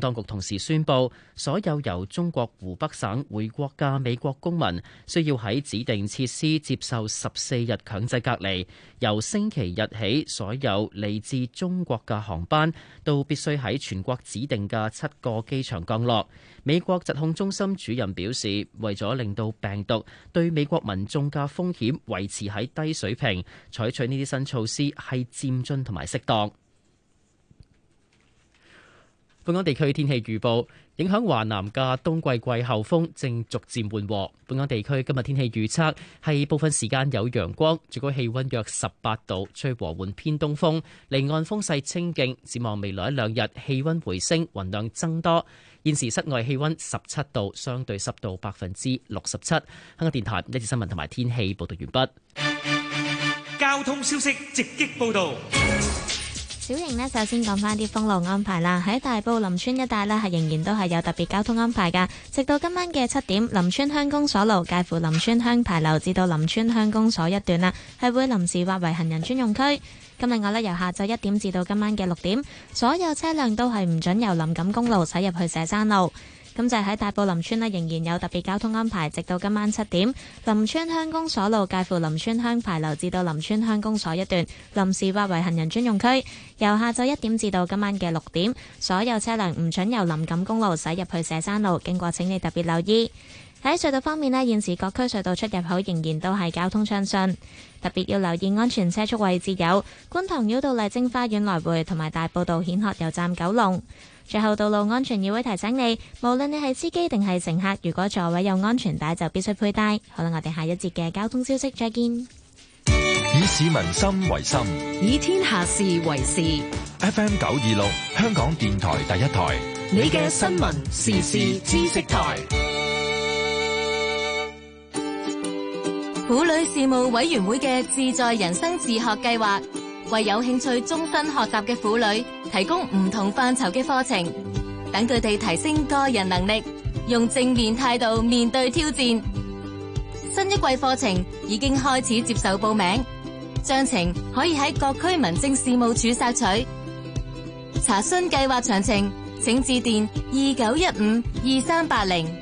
當局同時宣布，所有由中國湖北省回國嘅美國公民需要喺指定設施接受十四日強制隔離。由星期日起，所有嚟自中國嘅航班都必須喺全國指定嘅七個機場降落。美國疾控中心主任表示，為咗令到病毒對美國民眾嘅風險維持喺低水平，採取呢啲新措施係漸進同埋適當。本港地區天氣預報，影響華南嘅冬季季候風正逐漸緩和。本港地區今日天氣預測係部分時間有陽光，最高氣溫約十八度，吹和緩偏東風，離岸風勢清勁。展望未來一兩日，氣溫回升，雲量增多。現時室外氣溫十七度，相對濕度百分之六十七。香港電台《呢節新聞》同埋天氣報道完畢。交通消息直擊報道。小瑩呢，首先講返啲封路安排啦。喺大埔林村一帶呢，係仍然都係有特別交通安排噶。直到今晚嘅七點，林村鄉公所路介乎林村鄉牌樓至到林村鄉公所一段啦，係會臨時劃為行人專用區。噉另外呢，由下晝一點至到今晚嘅六點，所有車輛都係唔準由林錦公路駛入去蛇山路。咁就喺大埔林村呢，仍然有特別交通安排，直到今晚七點。林村鄉公所路介乎林村鄉牌樓至到林村鄉公所一段，臨時劃為行人專用區，由下晝一點至到今晚嘅六點，所有車輛唔準由林錦公路駛入去蛇山路，經過請你特別留意。喺隧道方面呢，現時各區隧道出入口仍然都係交通暢順，特別要留意安全車速位置有觀塘繞道麗晶花園來回同埋大埔道顯赫油站九龍。最後，道路安全議會提醒你，無論你係司機定係乘客，如果座位有安全帶，就必須佩戴。好啦，我哋下一節嘅交通消息再見。以市民心為心，以天下事為事。FM 九二六，香港電台第一台，你嘅新聞時事知識台。婦女事務委員會嘅自在人生自學計劃。為有興趣終身學習嘅婦女提供唔同範疇嘅課程，等佢哋提升個人能力，用正面態度面對挑戰。新一季課程已經開始接受報名，詳情可以喺各區民政事務處索取。查詢計劃詳情，請致電二九一五二三八零。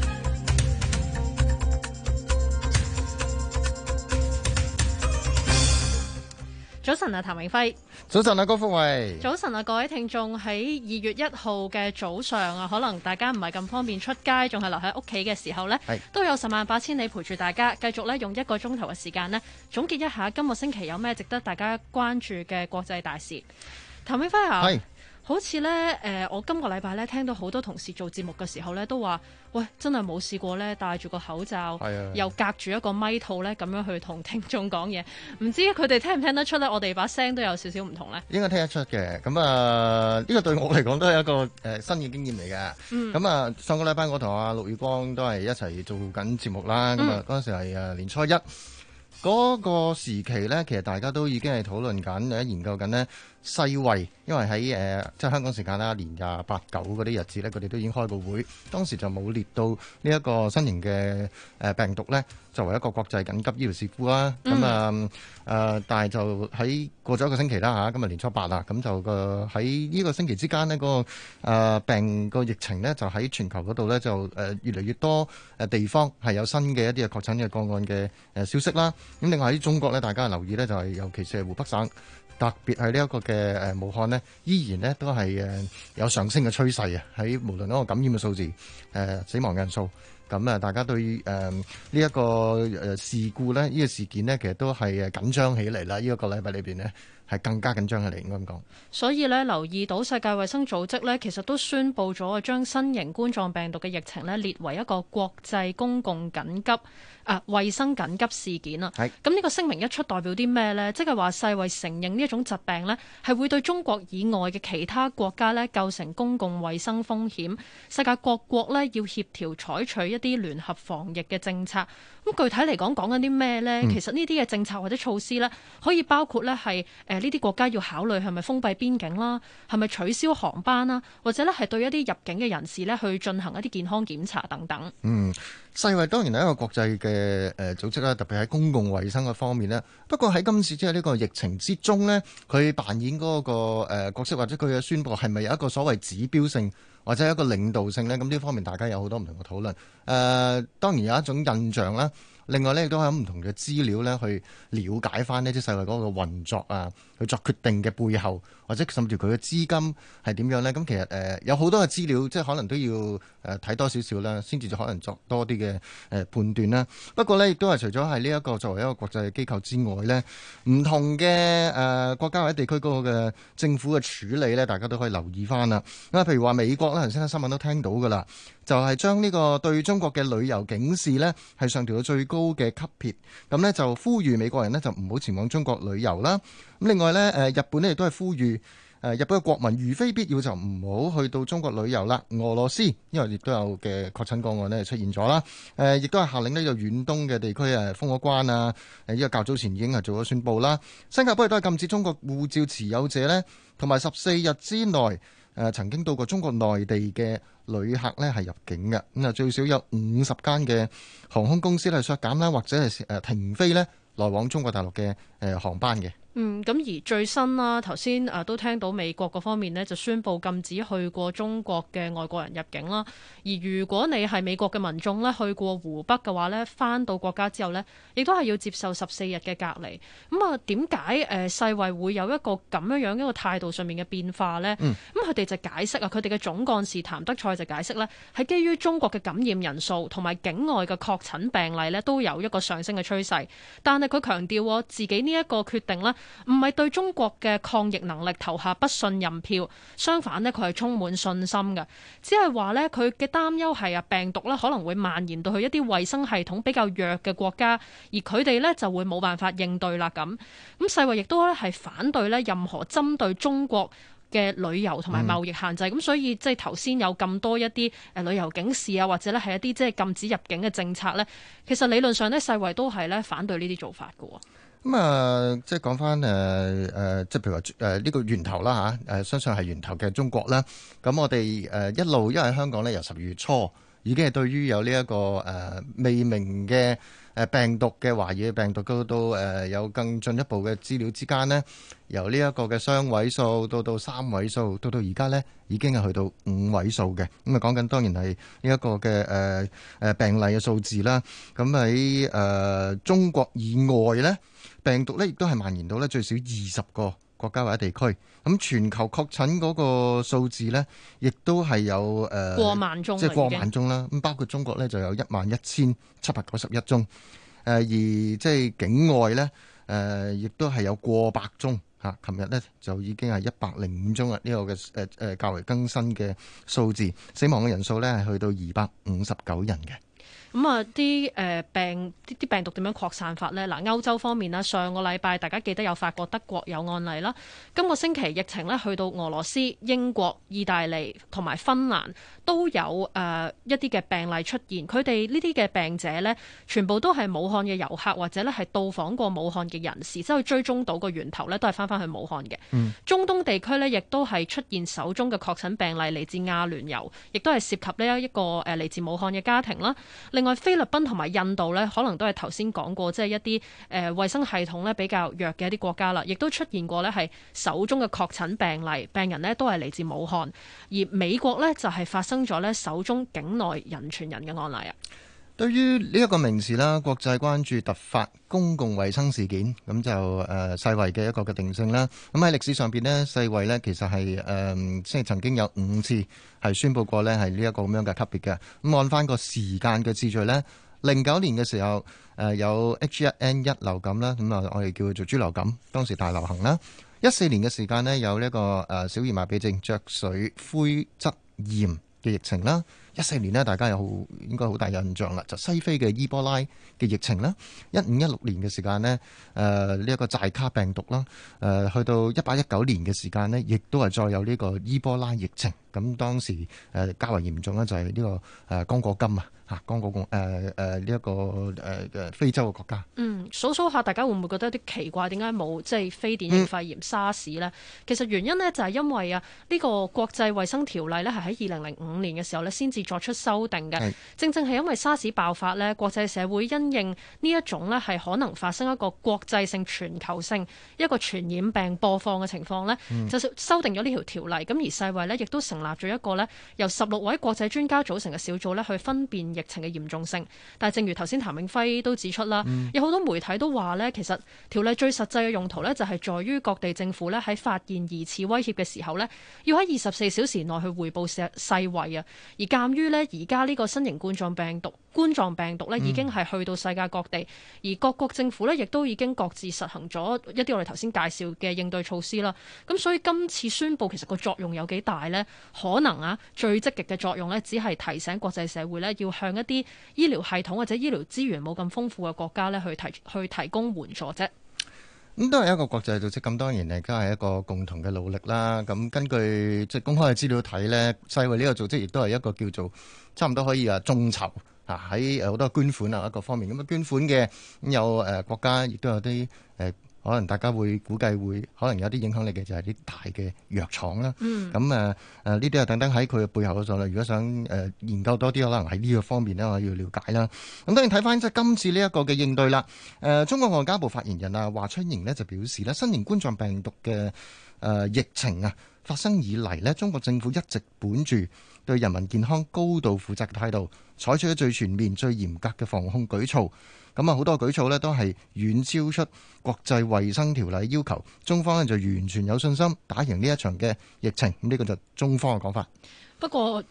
早晨啊，譚永輝。早晨啊，高福偉。早晨啊，各位聽眾，喺二月一號嘅早上啊，可能大家唔係咁方便出街，仲係留喺屋企嘅時候呢，是都有十萬八千里陪住大家，繼續咧用一個鐘頭嘅時間呢，總結一下今個星期有咩值得大家關注嘅國際大事。譚永輝啊。好似咧，誒、呃，我今個禮拜咧聽到好多同事做節目嘅時候咧，都話：喂，真係冇試過咧，戴住個口罩，的又隔住一個咪，咪套咧，咁樣去同聽眾講嘢。唔知佢哋聽唔聽得出咧？我哋把聲都有少少唔同咧。應該聽得出嘅。咁啊，呢、呃這個對我嚟講都係一個誒、呃、新嘅經驗嚟嘅。咁啊、嗯，嗯、上個禮拜我同阿陸宇光都係一齊做緊節目啦。咁啊，嗰陣時係年初一嗰、嗯、個時期咧，其實大家都已經係討論緊，咧研究緊咧。世衞，因為喺誒、呃、即係香港時間啦，年廿八九嗰啲日子咧，佢哋都已經開個會，當時就冇列到呢一個新型嘅誒病毒咧，作為一個國際緊急醫療事故啦。咁啊誒、嗯呃，但係就喺過咗一個星期啦嚇、啊，今日年初八啦，咁就個喺呢個星期之間呢、這個誒、呃、病個疫情咧，就喺全球嗰度咧，就誒越嚟越多誒地方係有新嘅一啲嘅確診嘅個案嘅誒消息啦。咁、啊、另外喺中國咧，大家留意咧，就係、是、尤其是係湖北省。特別係呢一個嘅誒，武漢呢，依然呢都係誒有上升嘅趨勢啊！喺無論嗰個感染嘅數字、誒、呃、死亡人數，咁、嗯、啊，大家對誒呢一個誒事故呢、呢、呢個事件呢，其實都係誒緊張起嚟啦！呢、呢、一個禮拜裏邊呢，係更加緊張起嚟，應該咁講。所以呢留意到世界衞生組織呢，其實都宣布咗將新型冠狀病毒嘅疫情呢，列為一個國際公共緊急。啊，衞生緊急事件啊，咁呢係個聲明一出，代表啲咩呢？即係話世衞承認呢一種疾病呢係會對中國以外嘅其他國家呢構成公共衞生風險。世界各國呢要協調採取一啲聯合防疫嘅政策。咁具體嚟講講緊啲咩呢？嗯，其實呢啲嘅政策或者措施呢可以包括呢係誒呢啲國家要考慮係咪封閉邊境啦，係咪取消航班啦，或者呢係對一啲入境嘅人士呢去進行一啲健康檢查等等。嗯，世衞當然係一個國際嘅。嘅誒、呃，組織啦，特別喺公共衛生嘅方面咧。不過喺今次即係呢個疫情之中呢，佢扮演嗰、那個誒、呃、角色，或者佢嘅宣布係咪有一個所謂指標性，或者一個領導性呢？咁呢方面，大家有好多唔同嘅討論。誒、呃，當然有一種印象啦。另外咧，亦都喺唔同嘅資料咧，去了解翻呢啲世衞嗰個運作啊，去作決定嘅背後，或者甚至佢嘅資金係點樣咧？咁、嗯、其實誒、呃、有好多嘅資料，即係可能都要誒睇、呃、多少少啦，先至可能作多啲嘅誒判斷啦。不過咧，亦都係除咗係呢一個作為一個國際機構之外咧，唔同嘅誒、呃、國家或者地區嗰個嘅政府嘅處理咧，大家都可以留意翻啦。咁啊，譬如話美國咧，頭先啲新聞都聽到噶啦，就係、是、將呢個對中國嘅旅遊警示咧，係上調到最高。高嘅級別，咁呢就呼籲美國人呢就唔好前往中國旅遊啦。咁另外呢，誒日本呢亦都係呼籲誒、呃、日本嘅國民，如非必要就唔好去到中國旅遊啦。俄羅斯因為亦都有嘅確診個案呢出現咗啦。誒、呃、亦都係下令呢有遠東嘅地區誒封咗關啊。誒、呃、依、這個較早前已經係做咗宣佈啦。新加坡亦都係禁止中國護照持有者呢，同埋十四日之內。誒曾經到過中國內地嘅旅客咧，係入境嘅。咁啊，最少有五十間嘅航空公司咧削減啦，或者係誒停飛咧來往中國大陸嘅誒航班嘅。嗯，咁而最新啦，頭先誒都聽到美國嗰方面呢就宣布禁止去過中國嘅外國人入境啦。而如果你係美國嘅民眾呢，去過湖北嘅話呢，返到國家之後呢亦都係要接受十四日嘅隔離。咁、嗯、啊，點解誒世衛會有一個咁樣樣一個態度上面嘅變化呢？咁佢哋就解釋啊，佢哋嘅總幹事譚德賽就解釋呢，係基於中國嘅感染人數同埋境外嘅確診病例呢，都有一個上升嘅趨勢，但係佢強調自己呢一個決定呢。唔係對中國嘅抗疫能力投下不信任票，相反呢，佢係充滿信心嘅。只係話呢，佢嘅擔憂係啊，病毒咧可能會蔓延到去一啲衛生系統比較弱嘅國家，而佢哋呢就會冇辦法應對啦。咁咁世衛亦都咧係反對咧任何針對中國嘅旅遊同埋貿易限制。咁、嗯、所以即係頭先有咁多一啲誒旅遊警示啊，或者咧係一啲即係禁止入境嘅政策呢，其實理論上呢，世衛都係咧反對呢啲做法嘅。咁啊、嗯，即係講翻誒誒，即係譬如話誒呢個源頭啦嚇，誒、啊、相信係源頭嘅中國啦。咁、嗯、我哋誒一路，因為香港咧由十二月初已經係對於有呢、這、一個誒、呃、未明嘅誒病毒嘅懷疑病毒，到到誒、呃、有更進一步嘅資料之間呢，由呢一個嘅雙位數到到三位數，到到而家呢已經係去到五位數嘅。咁啊講緊當然係呢一個嘅誒誒病例嘅數字啦。咁喺誒中國以外呢，病毒咧亦都係蔓延到咧最少二十個國家或者地區，咁全球確診嗰個數字呢，亦都係有誒，即、呃、係過萬宗啦。咁包括中國呢，就有一萬一千七百九十一宗，誒、呃、而即係境外呢，誒、呃、亦都係有過百宗嚇。琴日呢，就已經係一百零五宗喇，呢、這個嘅誒誒較為更新嘅數字。死亡嘅人數呢，係去到二百五十九人嘅。咁啊，啲誒、嗯呃、病，啲啲病毒點樣擴散法咧？嗱，歐洲方面啦，上個禮拜大家記得有法國、德國有案例啦。今個星期疫情咧去到俄羅斯、英國、意大利同埋芬蘭都有誒一啲嘅病例出現。佢哋呢啲嘅病者咧，全部都係武漢嘅遊客或者咧係到訪過武漢嘅人士，即係去追蹤到個源頭咧，都係翻翻去武漢嘅。嗯、中東地區咧，亦都係出現首宗嘅確診病例嚟自阿聯酋，亦都係涉及呢一個誒嚟自武漢嘅家庭啦。另外，菲律賓同埋印度咧，可能都係頭先講過，即係一啲誒、呃、衛生系統咧比較弱嘅一啲國家啦，亦都出現過咧係首宗嘅確診病例，病人呢都係嚟自武漢，而美國呢就係發生咗咧首宗境內人傳人嘅案例啊。對於呢一個名詞啦，國際關注突發公共衞生事件，咁就誒、呃、世衛嘅一個嘅定性啦。咁喺歷史上邊呢，世衛呢其實係誒、呃、即係曾經有五次係宣布過呢係呢一個咁樣嘅級別嘅。咁按翻個時間嘅次序呢，零九年嘅時候誒、呃、有 H 一 N 一流感啦，咁啊我哋叫佢做豬流感，當時大流行啦。一四年嘅時間呢，有呢一個小兒麻痹症、脊髓灰質炎嘅疫情啦。一四年呢，大家有好應該好大印象啦，就是、西非嘅伊波拉嘅疫情啦。一五一六年嘅時間呢，誒呢一個寨卡病毒啦，誒、呃、去到一八一九年嘅時間呢，亦都係再有呢個伊波拉疫情。咁當時誒較、呃、為嚴重呢、這個，就係呢個誒剛果金啊，嚇剛果共誒呢一個誒誒非洲嘅國家。嗯，數數下，大家會唔會覺得有啲奇怪？點解冇即係非典型肺炎、沙士呢？嗯、其實原因呢，就係、是、因為啊，呢、這個國際衛生條例呢，係喺二零零五年嘅時候呢先至。作出修訂嘅，是正正係因為沙士爆發咧，國際社會因應呢一種咧，係可能發生一個國際性、全球性一個傳染病播放嘅情況咧，嗯、就修訂咗呢條條例。咁而世衛咧亦都成立咗一個咧由十六位國際專家組成嘅小組咧去分辨疫情嘅嚴重性。但係正如頭先譚永輝都指出啦，嗯、有好多媒體都話咧，其實條例最實際嘅用途咧，就係、是、在於各地政府咧，喺發現疑似威脅嘅時候咧，要喺二十四小時內去回報社世世衛啊，而監。於咧，而家呢個新型冠狀病毒，冠狀病毒咧，已經係去到世界各地，嗯、而各國政府咧，亦都已經各自實行咗一啲我哋頭先介紹嘅應對措施啦。咁所以今次宣布，其實個作用有幾大呢？可能啊，最積極嘅作用咧，只係提醒國際社會咧，要向一啲醫療系統或者醫療資源冇咁豐富嘅國家咧，去提去提供援助啫。咁都係一個國際組織，咁當然嚟講係一個共同嘅努力啦。咁根據即係公開嘅資料睇呢，世衛呢個組織亦都係一個叫做差唔多可以話眾籌啊，喺好多捐款啊各方面。咁啊捐款嘅咁有誒國家，亦都有啲誒。呃可能大家會估計會可能有啲影響力嘅就係啲大嘅藥廠啦。嗯。咁誒誒呢啲啊，等等喺佢嘅背後嗰度啦。如果想誒、呃、研究多啲，可能喺呢個方面咧，我要了解啦。咁當然睇返即係今次呢一個嘅應對啦。誒、呃，中國外交部發言人啊，華春瑩呢就表示咧，新型冠狀病毒嘅誒、呃、疫情啊發生以嚟呢，中國政府一直本住對人民健康高度負責嘅態度，採取咗最全面、最嚴格嘅防控舉措。咁啊，好多舉措咧都係遠超出國際衛生條例要求，中方咧就完全有信心打贏呢一場嘅疫情。呢個就中方嘅講法。不過。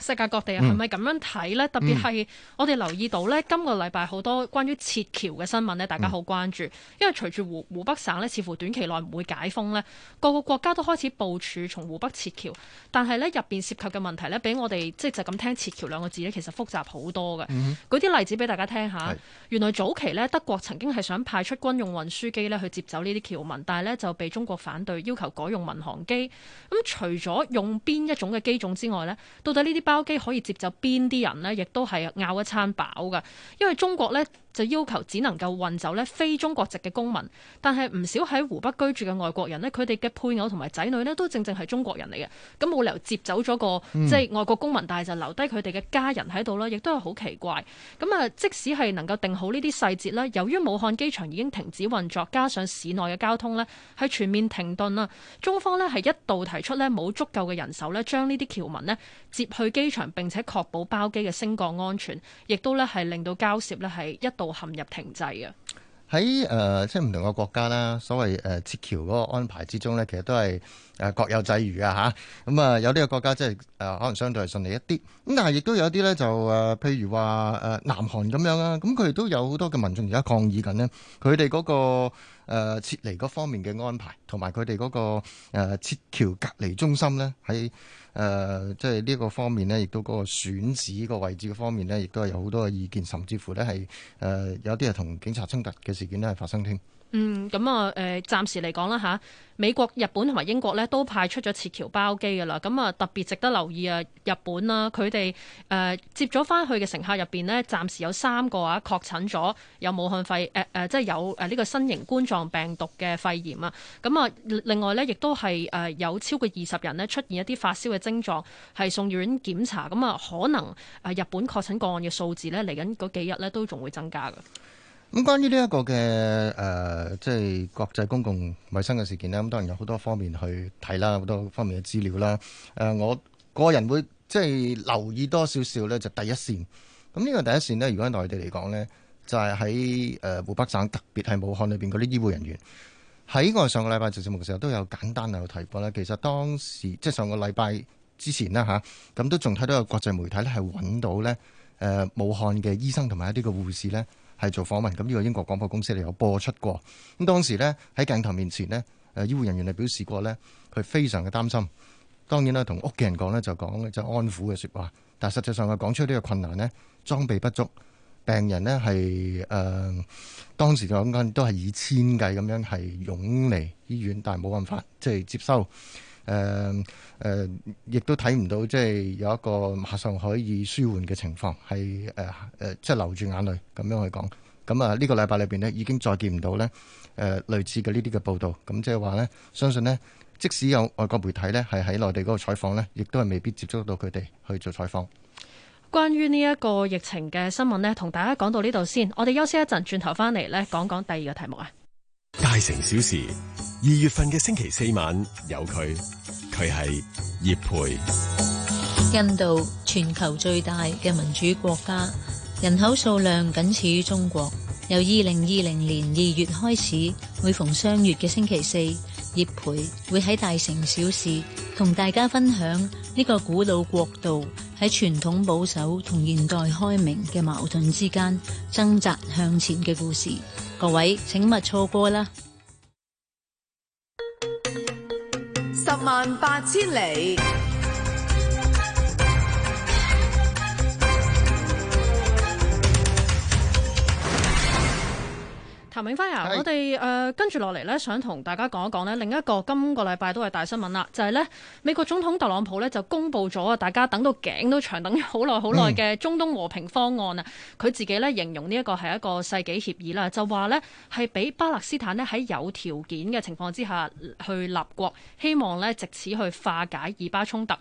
世界各地係咪咁樣睇呢？嗯、特別係我哋留意到呢，今個禮拜好多關於撤僑嘅新聞呢，大家好關注。嗯、因為隨住湖湖北省呢，似乎短期內唔會解封呢，各個國家都開始部署從湖北撤僑。但係呢，入邊涉及嘅問題呢，比我哋即係就咁聽撤僑兩個字呢，其實複雜好多嘅。嗯、舉啲例子俾大家聽下，是原來早期呢，德國曾經係想派出軍用運輸機呢去接走呢啲僑民，但係呢就被中國反對，要求改用民航機。咁除咗用邊一種嘅機種之外呢，到底呢啲包機可以接走邊啲人呢？亦都係拗一餐飽嘅。因為中國呢，就要求只能夠運走呢非中國籍嘅公民，但係唔少喺湖北居住嘅外國人呢，佢哋嘅配偶同埋仔女呢，都正正係中國人嚟嘅。咁冇理由接走咗個即係外國公民，但係就留低佢哋嘅家人喺度啦，亦都係好奇怪。咁啊，即使係能夠定好呢啲細節啦，由於武漢機場已經停止運作，加上市內嘅交通呢，係全面停頓喇，中方呢，係一度提出呢冇足夠嘅人手呢，將呢啲僑民呢接去。機場並且確保包機嘅升降安全，亦都咧係令到交涉咧係一度陷入停滯嘅。喺誒、呃，即係唔同嘅國家啦，所謂誒撤僑嗰個安排之中咧，其實都係。誒各有際遇啊嚇，咁啊、嗯、有啲嘅國家即係誒可能相對係順利一啲，咁但係亦都有啲咧就誒，譬、呃、如話誒、呃、南韓咁樣啦，咁佢哋都有好多嘅民眾而家抗議緊呢，佢哋嗰個撤、呃、離嗰方面嘅安排，同埋佢哋嗰個撤僑、呃、隔離中心咧，喺誒即係呢個方面呢，亦都嗰個選址個位置嘅方面呢，亦都係有好多嘅意見，甚至乎咧係誒有啲係同警察衝突嘅事件咧係發生添。嗯，咁、嗯、啊，誒、嗯，暫時嚟講啦嚇，美國、日本同埋英國咧都派出咗撤僑包機嘅啦。咁、嗯、啊，特別值得留意啊，日本啦、啊，佢哋誒接咗返去嘅乘客入邊呢，暫時有三個啊確診咗有武漢肺誒誒、呃呃，即係有誒呢個新型冠狀病毒嘅肺炎啊。咁、嗯、啊、嗯，另外呢，亦都係誒、呃、有超過二十人咧出現一啲發燒嘅症狀，係送院檢查。咁、嗯、啊、嗯，可能誒日本確診個案嘅數字呢，嚟緊嗰幾日呢都仲會增加嘅。咁關於呢一個嘅誒、呃，即係國際公共衞生嘅事件咧，咁當然有好多方面去睇啦，好多方面嘅資料啦。誒、呃，我個人會即係留意多少少咧，就第一線。咁呢個第一線呢，如果喺內地嚟講呢，就係喺誒湖北省，特別係武漢裏邊嗰啲醫護人員。喺我上個禮拜做節目嘅時候，都有簡單有提過啦。其實當時即係上個禮拜之前啦吓，咁都仲睇到有國際媒體咧，係揾到呢誒武漢嘅醫生同埋一啲嘅護士呢。係做訪問，咁呢個英國廣播公司嚟有播出過。咁當時呢，喺鏡頭面前呢，誒醫護人員嚟表示過呢，佢非常嘅擔心。當然啦，同屋企人講呢，就講就安撫嘅説話，但實際上佢講出呢個困難呢，裝備不足，病人呢係誒當時講緊都係以千計咁樣係湧嚟醫院，但係冇辦法即係接收。誒誒、呃呃，亦都睇唔到，即係有一個馬上可以舒緩嘅情況，係誒誒，即係流住眼淚咁樣去講。咁啊，呢個禮拜裏邊咧，已經再見唔到呢、誒、呃，類似嘅呢啲嘅報道。咁即係話呢，相信呢，即使有外國媒體呢係喺內地嗰度採訪呢，亦都係未必接觸到佢哋去做採訪。關於呢一個疫情嘅新聞呢，同大家講到呢度先，我哋休息一陣，轉頭翻嚟呢講講第二個題目啊。大城小事。二月份嘅星期四晚有佢，佢係葉培。印度全球最大嘅民主國家，人口數量僅次於中國。由二零二零年二月開始，每逢雙月嘅星期四，葉培會喺大城小事同大家分享呢個古老國度喺傳統保守同現代開明嘅矛盾之間掙扎向前嘅故事。各位，請勿錯過啦！萬八千里。梁永輝啊，是我哋誒跟住落嚟咧，想同大家講一講呢另一個今個禮拜都係大新聞啦，就係、是、呢美國總統特朗普呢，就公布咗啊，大家等到頸都長，等咗好耐好耐嘅中東和平方案啊，佢、嗯、自己咧形容呢一個係一個世紀協議啦，就話呢係俾巴勒斯坦呢喺有條件嘅情況之下去立國，希望呢藉此去化解以巴衝突。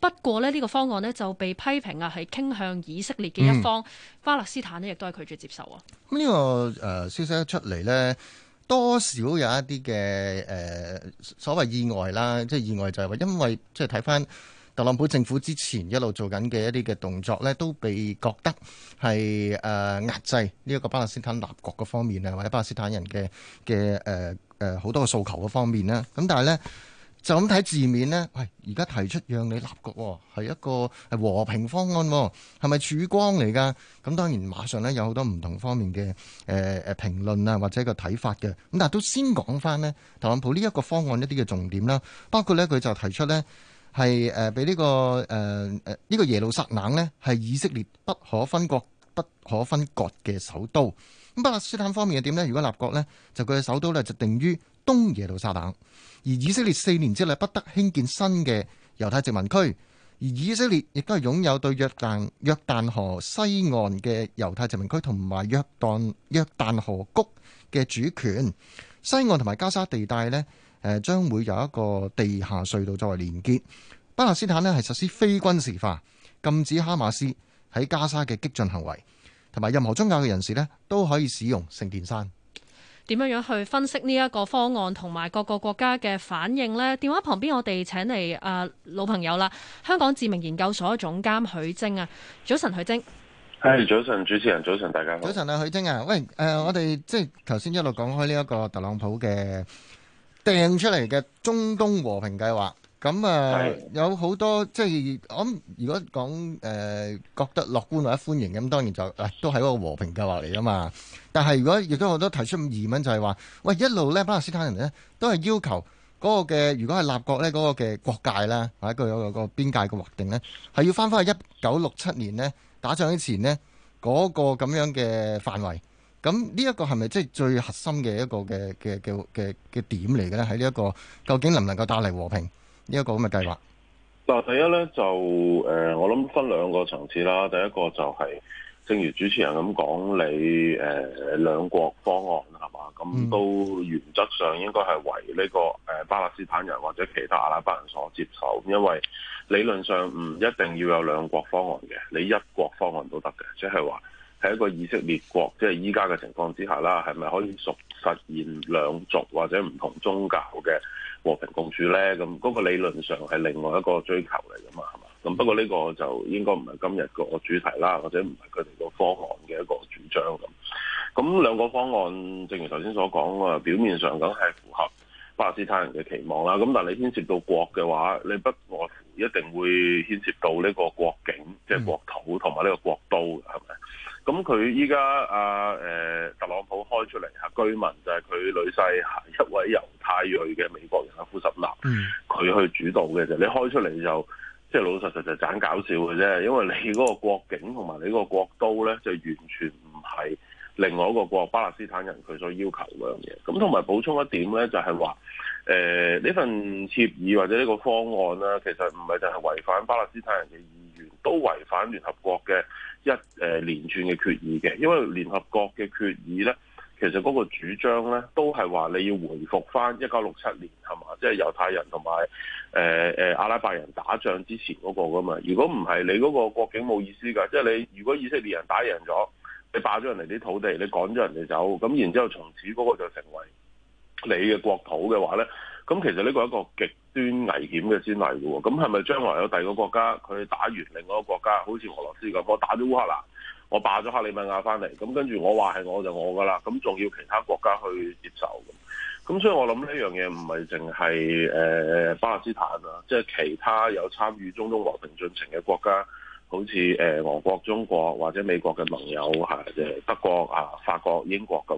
不過咧，呢個方案咧就被批評啊，係傾向以色列嘅一方，嗯、巴勒斯坦咧亦都係拒絕接受啊。咁呢、嗯這個誒消息一出嚟呢，多少有一啲嘅誒所謂意外啦，即係意外就係話，因為即係睇返特朗普政府之前一路做緊嘅一啲嘅動作呢，都被覺得係誒壓制呢一個巴勒斯坦立國嘅方面啊，或者巴勒斯坦人嘅嘅誒誒好多嘅訴求嘅方面啦。咁但係呢，就咁睇字面呢，喂！而家提出讓你立國係一個係和平方案，係咪曙光嚟㗎？咁當然馬上咧有好多唔同方面嘅誒誒評論啊，呃、或者一個睇法嘅。咁但係都先講翻呢，特朗普呢一個方案一啲嘅重點啦，包括咧佢就提出呢，係誒俾呢個誒誒呢個耶路撒冷呢，係以色列不可分割、不可分割嘅首都。咁巴勒斯坦方面係點呢？如果立國呢，就佢嘅首都咧就定於東耶路撒冷，而以色列四年之內不得興建新嘅猶太殖民區，而以色列亦都係擁有對約旦約旦河西岸嘅猶太殖民區同埋約旦約旦河谷嘅主權。西岸同埋加沙地帶呢誒，將會有一個地下隧道作為連結。巴勒斯坦呢係實施非軍事化，禁止哈馬斯喺加沙嘅激進行為，同埋任何宗教嘅人士呢都可以使用聖殿山。點樣樣去分析呢一個方案同埋各個國家嘅反應呢？電話旁邊我哋請嚟誒、呃、老朋友啦，香港著名研究所總監許晶啊，早晨，許晶。係、hey, 早晨，主持人早晨，大家好。早晨啊，許晶啊，喂誒、呃，我哋、呃嗯、即係頭先一路講開呢一個特朗普嘅掟出嚟嘅中東和平計劃。咁啊，嗯、的有好多即係我諗，如果講誒、呃、覺得樂觀或者歡迎咁，當然就誒都係一個和平計劃嚟噶嘛。但係如果亦都好多提出疑問就，就係話喂，一路咧巴勒斯坦人呢，都係要求嗰個嘅，如果係立國呢，嗰個嘅國界咧，或者佢有有個邊界嘅劃定呢，係要翻翻去一九六七年呢打仗之前呢嗰、嗰個咁樣嘅範圍。咁呢一個係咪即係最核心嘅一個嘅嘅嘅嘅嘅點嚟嘅咧？喺呢一個究竟能唔能夠帶嚟和平？呢一個咁嘅計劃，嗱、啊、第一咧就誒、呃，我諗分兩個層次啦。第一個就係、是，正如主持人咁講，你誒兩國方案係嘛，咁都原則上應該係為呢、這個誒、呃、巴勒斯坦人或者其他阿拉伯人所接受，因為理論上唔一定要有兩國方案嘅，你一國方案都得嘅，即係話。喺一個以色列國，即係依家嘅情況之下啦，係咪可以熟實現兩族或者唔同宗教嘅和平共處咧？咁嗰個理論上係另外一個追求嚟㗎嘛？係嘛？咁不過呢個就應該唔係今日個主題啦，或者唔係佢哋個方案嘅一個主張咁。咁兩個方案，正如頭先所講啊，表面上梗係符合巴勒斯坦人嘅期望啦。咁但係你牽涉到國嘅話，你不外乎一定會牽涉到呢個國境、即係國土同埋呢個國都，係咪？咁佢依家阿誒特朗普開出嚟嚇居民就係佢女婿係一位猶太裔嘅美國人阿富什納，佢、嗯、去主導嘅啫。你開出嚟就即係老老實實就盞搞笑嘅啫，因為你嗰個國境同埋你嗰個國都咧就完全唔係。另外一個國巴勒斯坦人佢所要求嗰樣嘢，咁同埋補充一點咧，就係、是、話，誒、呃、呢份協議或者呢個方案啦，其實唔係淨係違反巴勒斯坦人嘅意願，都違反聯合國嘅一誒、呃、連串嘅決議嘅。因為聯合國嘅決議咧，其實嗰個主張咧，都係話你要回復翻一九六七年係嘛，即係猶太人同埋誒誒阿拉伯人打仗之前嗰個噶嘛。如果唔係，你嗰個國境冇意思噶，即係你如果以色列人打贏咗。你霸咗人哋啲土地，你趕咗人哋走，咁然之後從此嗰個就成為你嘅國土嘅話呢，咁其實呢個係一個極端危險嘅先例嘅喎，咁係咪將來有第二個國家佢打完另外一個國家，好似俄羅斯咁，我打咗烏克蘭，我霸咗克里米亞翻嚟，咁跟住我話係我就我噶啦，咁仲要其他國家去接受，咁所以我諗呢樣嘢唔係淨係誒巴勒斯坦啊，即係其他有參與中東和平進程嘅國家。好似誒俄國、中國或者美國嘅盟友嚇，即係德國啊、法國、英國咁，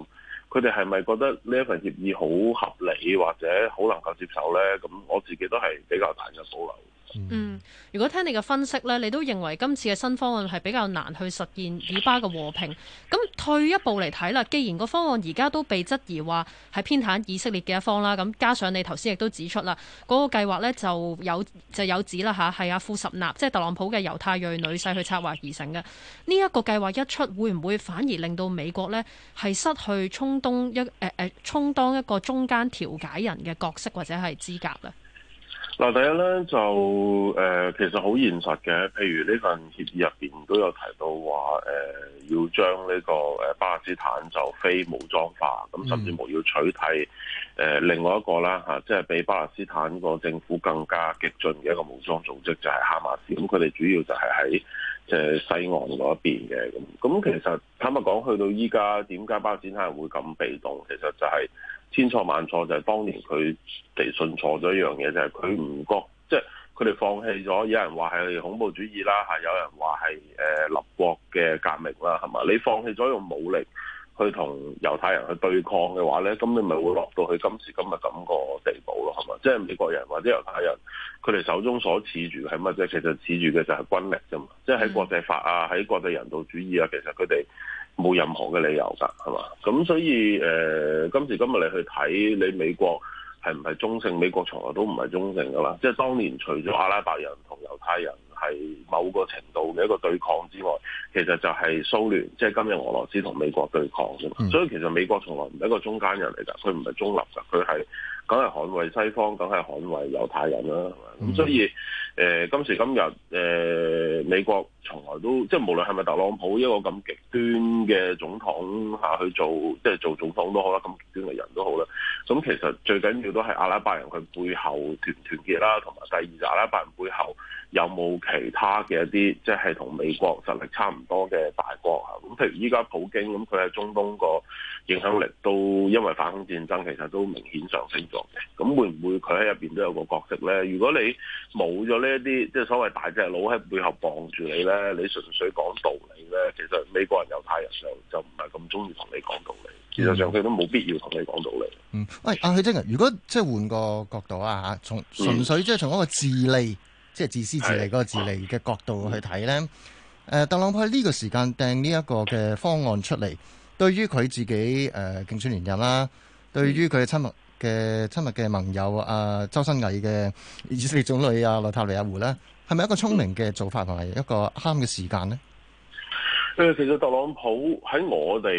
佢哋係咪覺得呢一份協議好合理或者好能夠接受呢？咁我自己都係比較大嘅保留。嗯，如果聽你嘅分析咧，你都認為今次嘅新方案係比較難去實現以巴嘅和平？咁退一步嚟睇啦，既然個方案而家都被質疑話係偏袒以色列嘅一方啦，咁加上你頭先亦都指出啦，嗰個計劃呢就有就有指啦吓，係阿富什納，即係特朗普嘅猶太裔女婿去策劃而成嘅。呢一個計劃一出，會唔會反而令到美國呢係失去充當一誒誒充當一個中間調解人嘅角色或者係資格呢？嗱，第一咧就誒、呃，其實好現實嘅。譬如呢份協議入邊都有提到話，誒、呃、要將呢個誒巴勒斯坦就非武裝化，咁甚至無要取締誒、呃、另外一個啦嚇、啊，即係比巴勒斯坦個政府更加激進嘅一個武裝組織，就係、是、哈馬斯。咁佢哋主要就係喺。就係西岸嗰邊嘅咁，咁其實坦白講，去到依家點解巴勒斯坦會咁被動？其實就係、是、千錯萬錯，就係、是、當年佢哋信錯咗一樣嘢，就係佢唔覺，即係佢哋放棄咗。有人話係恐怖主義啦，係有人話係誒立國嘅革命啦，係嘛？你放棄咗用武力。去同猶太人去對抗嘅話咧，咁你咪會落到去今時今日咁個地步咯，係嘛？即係美國人或者猶太人，佢哋手中所持住嘅係乜啫？其實持住嘅就係軍力啫。即係喺國際法啊，喺國際人道主義啊，其實佢哋冇任何嘅理由噶，係嘛？咁所以誒、呃，今時今日你去睇你美國係唔係中性？美國從來都唔係中性噶啦。即係當年除咗阿拉伯人同猶太人。係某個程度嘅一個對抗之外，其實就係蘇聯，即係今日俄羅斯同美國對抗啫嘛。嗯、所以其實美國從來唔係一個中間人嚟㗎，佢唔係中立㗎，佢係梗係捍衛西方，梗係捍衛猶太人啦。咁、嗯、所以誒、呃，今時今日誒、呃、美國。從來都即係無論係咪特朗普一個咁極端嘅總統吓、啊、去做，即係做總統都好啦，咁極端嘅人都好啦。咁其實最緊要都係阿拉伯人佢背後團唔團結啦，同埋第二就阿拉伯人背後有冇其他嘅一啲即係同美國實力差唔多嘅大國啊？咁譬如依家普京咁，佢喺中東個影響力都因為反恐戰爭其實都明顯上升咗嘅。咁會唔會佢喺入邊都有個角色咧？如果你冇咗呢一啲即係所謂大隻佬喺背後傍住你咧？誒，你純粹講道理咧，其實美國人猶太人上就唔係咁中意同你講道理，事、嗯、實上佢都冇必要同你講道理。嗯，喂、哎，阿、啊、許晶啊，如果即係換個角度啊嚇，從純粹即係從一個自利，嗯、即係自私自利嗰個自利嘅角度去睇咧，誒、啊嗯呃，特朗普喺呢個時間掟呢一個嘅方案出嚟，對於佢自己誒、呃、競選連任啦，嗯、對於佢親密嘅親密嘅盟友啊、呃，周身蟻嘅以色列總理啊，內塔尼亞胡咧。呢係咪一個聰明嘅做法，同埋一個慳嘅時間呢？誒、嗯，其實特朗普喺我哋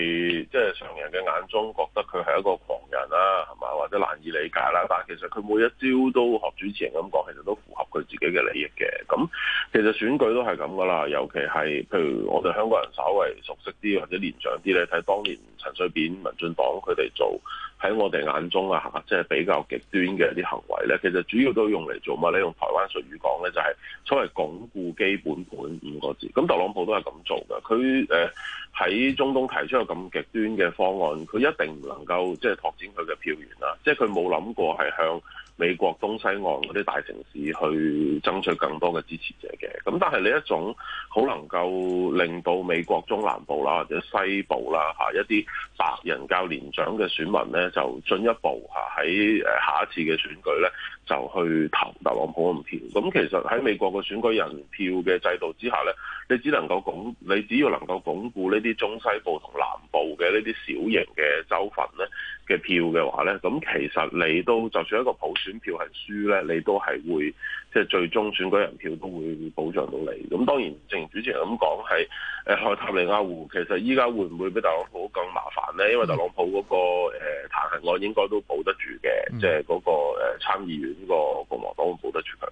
即係常人嘅眼中，覺得佢係一個狂人啦，係嘛，或者難以理解啦。但係其實佢每一招都學主持人咁講，其實都符合佢自己嘅利益嘅。咁其實選舉都係咁噶啦，尤其係譬如我哋香港人稍為熟悉啲或者年長啲咧，你睇當年陳水扁民進黨佢哋做。喺我哋眼中啊，吓，即係比較極端嘅一啲行為咧。其實主要都用嚟做乜咧？用台灣術語講咧、就是，就係所謂鞏固基本盤，五個字。咁特朗普都係咁做噶，佢，誒喺中東提出咁極端嘅方案，佢一定唔能夠即係拓展佢嘅票源啊，即係佢冇諗過係向美國東西岸嗰啲大城市去爭取更多嘅支持者嘅，咁但係呢一種好能夠令到美國中南部啦或者西部啦嚇一啲白人較年長嘅選民咧，就進一步嚇喺誒下一次嘅選舉咧。就去投特朗普嘅票。咁其實喺美國嘅選舉人票嘅制度之下咧，你只能夠鞏，你只要能夠鞏固呢啲中西部同南部嘅呢啲小型嘅州份咧嘅票嘅話咧，咁其實你都就算一個普選票係輸咧，你都係會即係最終選舉人票都會保障到你。咁當然，正如主持人咁講，係誒愛塔利亞湖，其實依家會唔會俾特朗普更麻煩咧？因為特朗普嗰、那個誒、呃、彈劾案應該都保得住嘅，即係嗰個誒參議員。呢個共和黨保得住佢，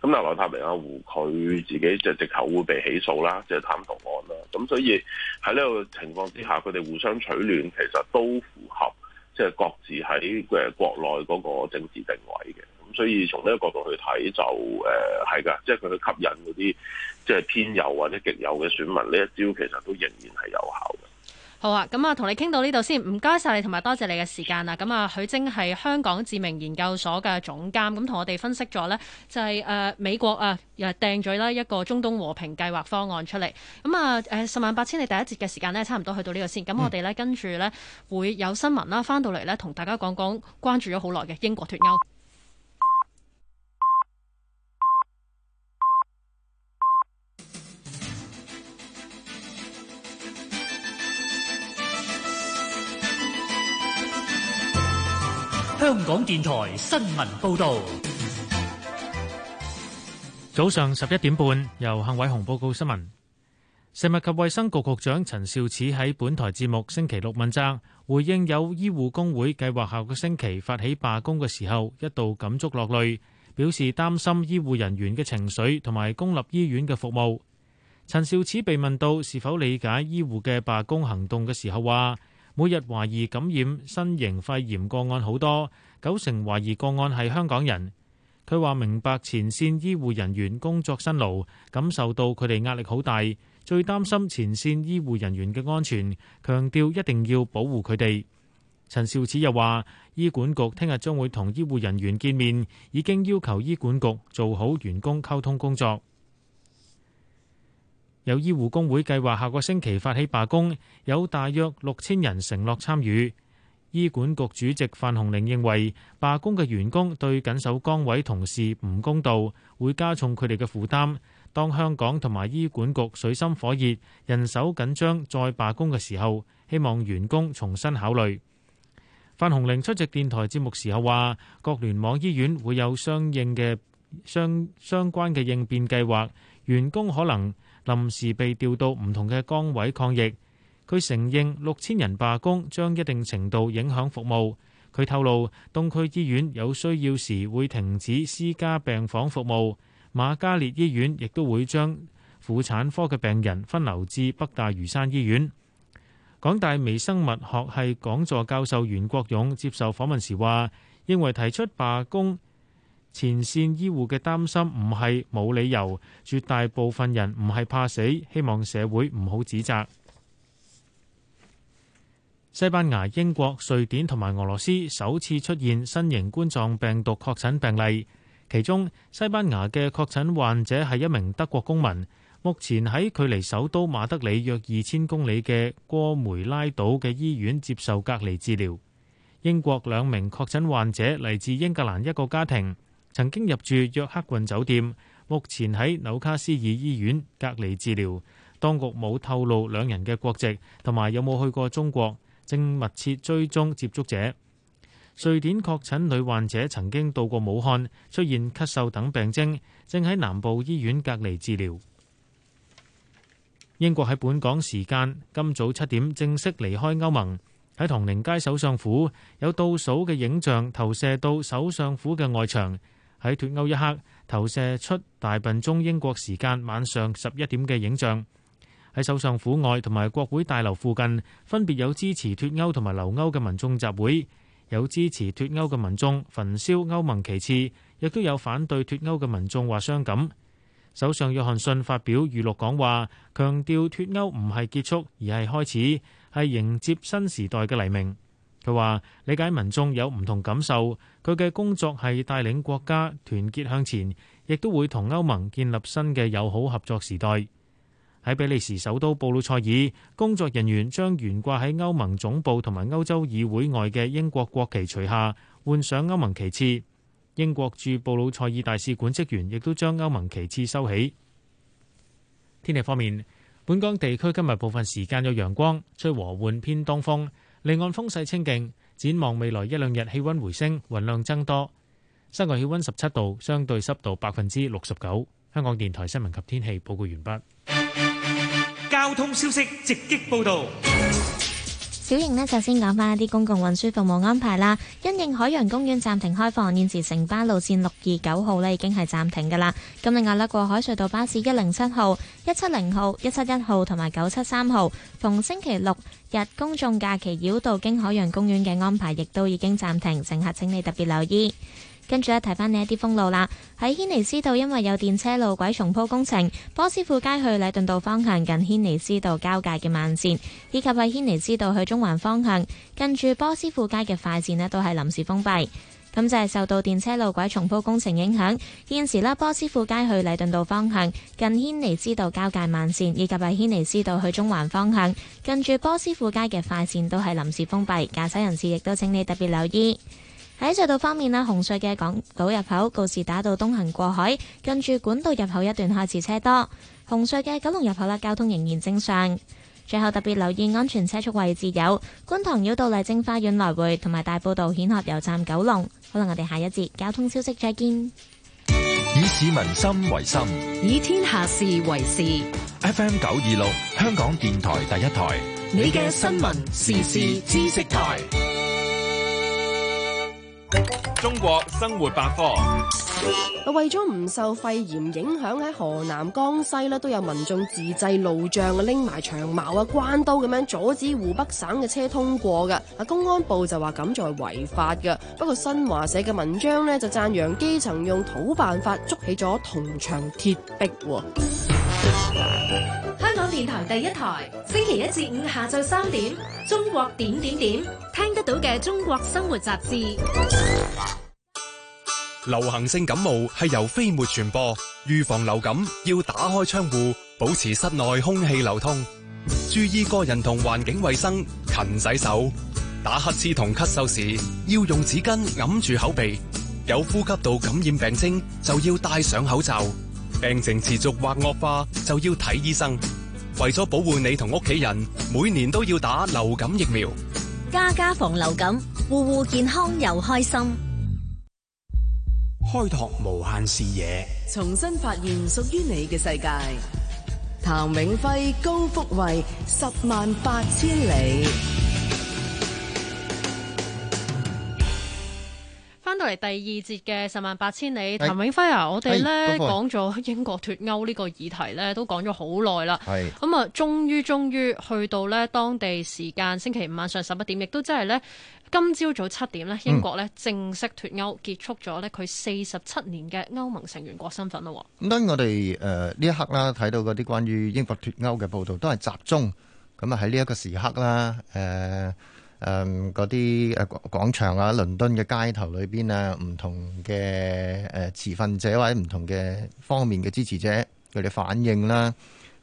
咁但係內塔尼亞胡佢自己就直頭會被起訴啦，即係貪盜案啦，咁所以喺呢個情況之下，佢哋互相取暖，其實都符合即係各自喺誒國內嗰個政治定位嘅，咁所以從呢個角度去睇就誒係㗎，即係佢哋吸引嗰啲即係偏右或者極右嘅選民呢一招其實都仍然係有效嘅。好啊，咁啊，同你傾到呢度先，唔該晒你，同埋多謝你嘅時間啊！咁啊，許晶係香港智明研究所嘅總監，咁同我哋分析咗呢，就係誒美國啊誒訂咗呢一個中東和平計劃方案出嚟，咁啊誒十萬八千里第一節嘅時間呢，差唔多去到呢度先，咁我哋呢，跟住呢會有新聞啦，翻到嚟呢，同大家講講關注咗好耐嘅英國脱歐。香港電台新聞報道，早上十一點半，由幸偉雄報告新聞。食物及衛生局局長陳肇始喺本台節目星期六問責，回應有醫護工會計劃下個星期發起罷工嘅時候，一度感觸落淚，表示擔心醫護人員嘅情緒同埋公立醫院嘅服務。陳肇始被問到是否理解醫護嘅罷工行動嘅時候，話每日懷疑感染新型肺炎個案好多，九成懷疑個案係香港人。佢話明白前線醫護人員工作辛勞，感受到佢哋壓力好大，最擔心前線醫護人員嘅安全，強調一定要保護佢哋。陳肇始又話，醫管局聽日將會同醫護人員見面，已經要求醫管局做好員工溝通工作。有醫護工會計劃下個星期發起罷工，有大約六千人承諾參與。醫管局主席范鴻齡認為，罷工嘅員工對緊守崗位同事唔公道，會加重佢哋嘅負擔。當香港同埋醫管局水深火熱、人手緊張，再罷工嘅時候，希望員工重新考慮。范鴻齡出席電台節目時候話，各聯網醫院會有相應嘅相相關嘅應變計劃，員工可能，臨時被調到唔同嘅崗位抗疫，佢承認六千人罷工將一定程度影響服務。佢透露，東區醫院有需要時會停止私家病房服務，瑪嘉烈醫院亦都會將婦產科嘅病人分流至北大嶼山醫院。港大微生物學系講座教授袁國勇接受訪問時話，認為提出罷工。前線醫護嘅擔心唔係冇理由，絕大部分人唔係怕死，希望社會唔好指責。西班牙、英國、瑞典同埋俄羅斯首次出現新型冠狀病毒確診病例，其中西班牙嘅確診患者係一名德國公民，目前喺距離首都馬德里約二千公里嘅哥梅拉島嘅醫院接受隔離治療。英國兩名確診患者嚟自英格蘭一個家庭。曾經入住約克郡酒店，目前喺紐卡斯爾醫院隔離治療。當局冇透露兩人嘅國籍同埋有冇去過中國，正密切追蹤接觸者。瑞典確診女患者曾經到過武漢，出現咳嗽等病徵，正喺南部醫院隔離治療。英國喺本港時間今早七點正式離開歐盟。喺唐寧街首相府有倒數嘅影像投射到首相府嘅外牆。喺脫歐一刻投射出大笨鐘英國時間晚上十一點嘅影像。喺首相府外同埋國會大樓附近，分別有支持脫歐同埋留歐嘅民眾集會。有支持脫歐嘅民眾焚燒歐盟旗幟，亦都有反對脫歐嘅民眾話傷感。首相約翰遜發表預錄講話，強調脫歐唔係結束，而係開始，係迎接新時代嘅黎明。佢話：理解民眾有唔同感受，佢嘅工作係帶領國家團結向前，亦都會同歐盟建立新嘅友好合作時代。喺比利時首都布魯塞爾，工作人員將懸掛喺歐盟總部同埋歐洲議會外嘅英國國旗除下，換上歐盟旗幟。英國駐布魯塞爾大使館職員亦都將歐盟旗幟收起。天氣方面，本港地區今日部分時間有陽光，吹和緩偏東風。離岸風勢清勁，展望未來一兩日氣溫回升，雲量增多。室外氣溫十七度，相對濕度百分之六十九。香港電台新聞及天氣報告完畢。交通消息直擊報道。小瑩呢，就先講返一啲公共運輸服務安排啦。因應海洋公園暫停開放，現時城巴路線六二九號呢已經係暫停噶啦。咁另外呢，啦過海隧道巴士一零七號、一七零號、一七一號同埋九七三號，逢星期六日公眾假期繞道經海洋公園嘅安排亦都已經暫停，乘客請你特別留意。跟住咧，睇翻呢一啲封路啦。喺軒尼詩道，因為有電車路軌重鋪工程，波斯富街去禮頓道方向近軒尼詩道交界嘅慢線，以及喺軒尼詩道去中環方向近住波斯富街嘅快線咧，都係臨時封閉。咁就係受到電車路軌重鋪工程影響。現時啦，波斯富街去禮頓道方向近軒尼詩道交界慢線，以及喺軒尼詩道去中環方向近住波斯富街嘅快線都係臨時封閉。駕駛人士亦都請你特別留意。喺隧道方面啦，紅隧嘅港島入口告士打道東行過海，近住管道入口一段開始車多。紅隧嘅九龍入口啦，交通仍然正常。最後特別留意安全車速位置有觀塘繞道麗晶花園來回同埋大埔道顯學油站九龍。可能我哋下一節交通消息再見。以市民心為心，以天下事為事。FM 九二六香港電台第一台，你嘅新聞時事知識台。中國生活百科， 為咗唔受肺炎影響，喺河南、江西咧都有民眾自製路障啊，拎埋長矛啊、關刀咁樣阻止湖北省嘅車通過嘅。啊，公安部就話咁就係違法噶。不過新華社嘅文章咧就讚揚基層用土辦法築起咗銅牆鐵壁。。香港電台第一台，星期一至五下晝三點，中國點點點，聽得到嘅中國生活雜誌。流行性感冒係由飛沫傳播，預防流感要打開窗戶，保持室內空氣流通，注意個人同環境衛生，勤洗手。打乞嗤同咳嗽時，要用紙巾掩住口鼻。有呼吸道感染病徵就要戴上口罩。病情持續或惡化，就要睇醫生。為咗保護你同屋企人，每年都要打流感疫苗。家家防流感，戶戶健康又開心。開拓無限視野，重新發現屬於你嘅世界。譚永輝、高福慧，十萬八千里。翻到嚟第二節嘅十萬八千里，譚永輝啊，我哋咧講咗英國脫歐呢個議題咧，都講咗好耐啦。係咁啊，終於終於去到咧當地時間星期五晚上十一點，亦都即係咧今朝早，早七點咧，英國咧正式脫歐結束咗咧佢四十七年嘅歐盟成員國身份咯。咁、嗯、當然我哋誒呢一刻啦，睇到嗰啲關於英國脫歐嘅報道都係集中咁啊喺呢一個時刻啦，誒、呃。誒，嗰啲誒廣場啊，倫敦嘅街頭裏邊啊，唔同嘅誒持份者或者唔同嘅方面嘅支持者，佢哋反應啦，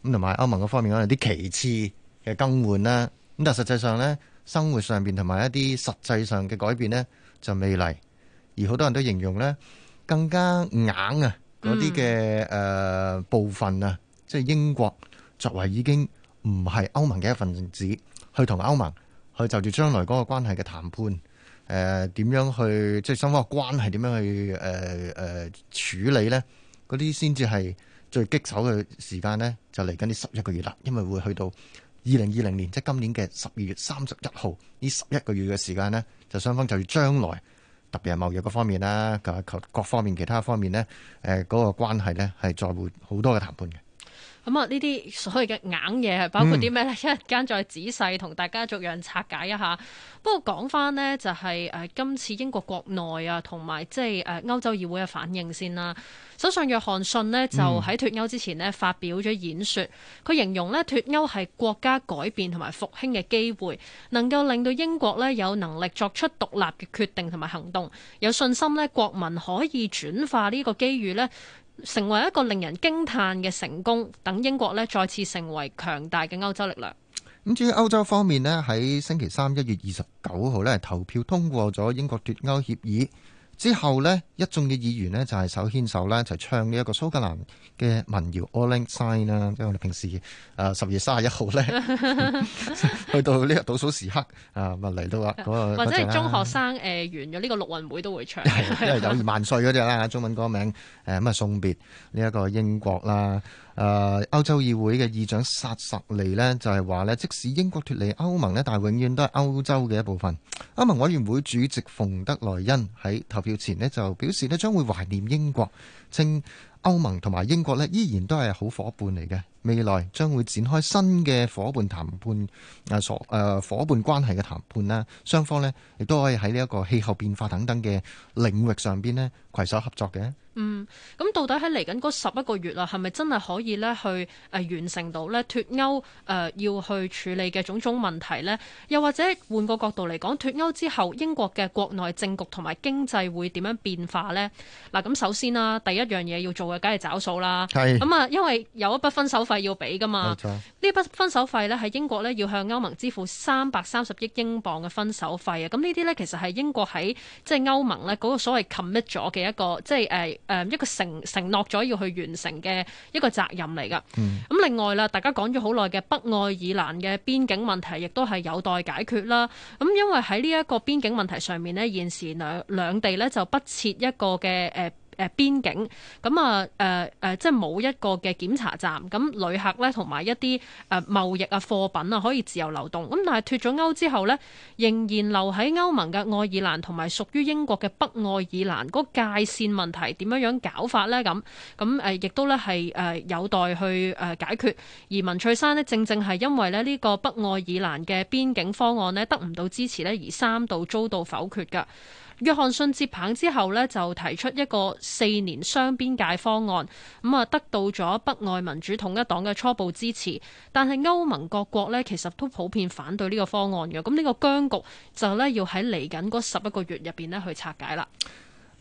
咁同埋歐盟嗰方面可能啲旗幟嘅更換啦，咁但係實際上咧，生活上邊同埋一啲實際上嘅改變咧就未嚟，而好多人都形容咧更加硬啊嗰啲嘅誒部分啊，即係英國作為已經唔係歐盟嘅一份子，去同歐盟。就住將來嗰個關係嘅談判，誒、呃、點樣去即係雙方嘅關係點樣去誒誒、呃呃、處理咧？嗰啲先至係最棘手嘅時間咧，就嚟緊呢十一個月啦，因為會去到二零二零年，即係今年嘅十二月三十一號呢十一個月嘅時間咧，就雙方就將來特別係貿易嗰方面啦，同各方面其他方面咧，誒、呃、嗰、嗰個關係咧係在乎好多嘅談判嘅。咁啊，呢啲所謂嘅硬嘢係包括啲咩呢？一陣間再仔細同大家逐樣拆解一下。不過講翻呢，就係誒今次英國國內啊，同埋即係誒歐洲議會嘅反應先啦。首相約翰遜呢，就喺脱歐之前呢發表咗演說，佢、嗯、形容呢脱歐係國家改變同埋復興嘅機會，能夠令到英國呢有能力作出獨立嘅決定同埋行動，有信心呢，國民可以轉化呢個機遇呢。成為一個令人驚嘆嘅成功，等英國呢再次成為強大嘅歐洲力量。咁至於歐洲方面呢，喺星期三一月二十九號呢投票通過咗英國脫歐協議。之後呢，一眾嘅議員呢，就係、是、手牽手咧，就是、唱呢一個蘇格蘭嘅民謠、《Auld Lang Syne》啦，即係我哋平時誒十、呃、月三十一號咧， 去到呢個倒數時刻啊，咪嚟到啊、那個，或者中學生誒、呃、完咗呢個陸運會都會唱，因為友誼萬歲嗰隻啦， 中文歌名誒咁啊送別呢一個英國啦。誒、呃、歐洲議會嘅議長薩薩利咧就係話咧，即使英國脱離歐盟咧，但係永遠都係歐洲嘅一部分。歐盟委員會主席馮德萊恩喺投票前咧就表示咧，將會懷念英國，稱。歐盟同埋英國咧，依然都係好伙伴嚟嘅。未來將會展開新嘅伙伴談判啊，所、呃、誒夥伴關係嘅談判啦，雙方呢亦都可以喺呢一個氣候變化等等嘅領域上邊呢，攜手合作嘅。嗯，咁到底喺嚟緊嗰十一個月啊，係咪真係可以呢去誒完成到咧脱歐誒、呃、要去處理嘅種種問題呢？又或者換個角度嚟講，脱歐之後英國嘅國內政局同埋經濟會點樣變化呢？嗱，咁首先啦，第一樣嘢要做。梗係找數啦，咁啊是、嗯，因為有一筆分手費要俾噶嘛。呢筆錯分手費咧，係英國咧要向歐盟支付三百三十億英鎊嘅分手費啊。咁、嗯、呢啲咧，其實係英國喺即係歐盟咧嗰個所謂 commit 咗嘅一個，即係誒誒一個承承諾咗要去完成嘅一個責任嚟噶。咁、嗯嗯、另外啦，大家講咗好耐嘅北愛爾蘭嘅邊境問題，亦都係有待解決啦。咁、嗯、因為喺呢一個邊境問題上面咧，現時兩兩地咧就不設一個嘅誒。呃誒邊境咁啊誒誒即係冇一個嘅檢查站，咁、呃、旅客咧同埋一啲誒、呃、貿易啊貨品啊可以自由流動。咁但係脫咗歐之後咧，仍然留喺歐盟嘅愛爾蘭同埋屬於英國嘅北愛爾蘭個界線問題點樣樣搞法呢？咁咁誒亦都咧係誒有待去誒解決。而文翠珊咧正正係因為咧呢個北愛爾蘭嘅邊境方案咧得唔到支持咧，而三度遭到否決嘅。約翰遜接棒之後呢，就提出一個四年雙邊界方案，咁啊得到咗北愛民主統一黨嘅初步支持，但係歐盟各國呢，其實都普遍反對呢個方案嘅，咁呢個僵局就咧要喺嚟緊嗰十一個月入邊咧去拆解啦。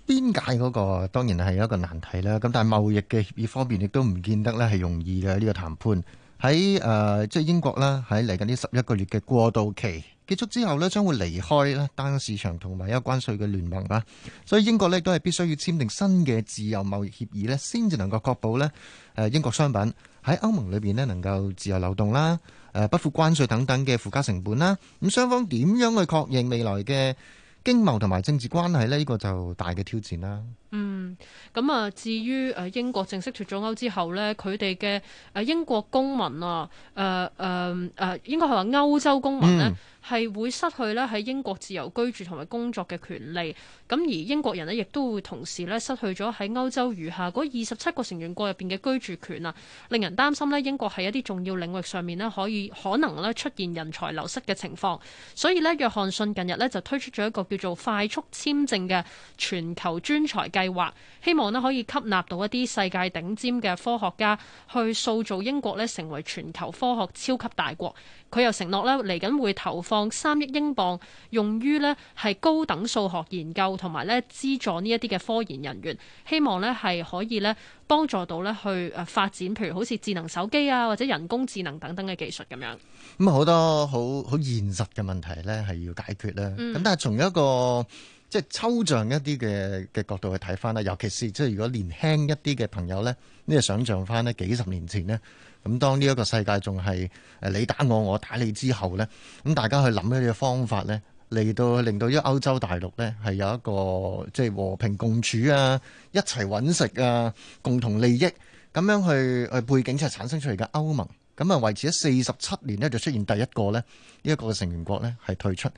邊界嗰個當然係有一個難題啦，咁但係貿易嘅協議方面亦都唔見得呢係容易嘅呢個談判。喺誒，即係英國啦，喺嚟緊呢十一個月嘅過渡期結束之後呢，將會離開呢單市場同埋有關稅嘅聯盟啦。所以英國呢都係必須要簽訂新嘅自由貿易協議呢，先至能夠確保呢，誒英國商品喺歐盟裏邊呢能夠自由流動啦，誒不付關稅等等嘅附加成本啦。咁雙方點樣去確認未來嘅經貿同埋政治關係呢，呢個就大嘅挑戰啦。嗯，咁啊，至於誒英國正式脱咗歐之後呢，佢哋嘅誒英國公民啊，誒誒誒，應該係話歐洲公民呢。嗯係會失去咧喺英國自由居住同埋工作嘅權利，咁而英國人咧亦都會同時咧失去咗喺歐洲餘下嗰二十七個成員國入邊嘅居住權啊，令人擔心咧英國喺一啲重要領域上面咧可以可能咧出現人才流失嘅情況，所以咧約翰遜近日咧就推出咗一個叫做快速簽證嘅全球專才計劃，希望咧可以吸納到一啲世界頂尖嘅科學家，去塑造英國咧成為全球科學超級大國。佢又承諾咧，嚟緊會投放三億英鎊，用於咧係高等數學研究，同埋咧資助呢一啲嘅科研人員，希望咧係可以咧幫助到咧去誒發展，譬如好似智能手機啊，或者人工智能等等嘅技術咁樣。咁好多好好現實嘅問題咧，係要解決啦。咁但係從一個即係抽象一啲嘅嘅角度去睇翻啦，尤其是即係如果年輕一啲嘅朋友呢，呢個想象翻呢幾十年前呢。咁當呢一個世界仲係誒你打我，我打你之後呢，咁大家去諗一啲嘅方法呢，嚟到令到呢個歐洲大陸呢，係有一個即係和平共處啊，一齊揾食啊，共同利益咁樣去誒背景就產生出嚟嘅歐盟，咁啊維持咗四十七年呢，就出現第一個呢，呢一個嘅成員國呢，係退出。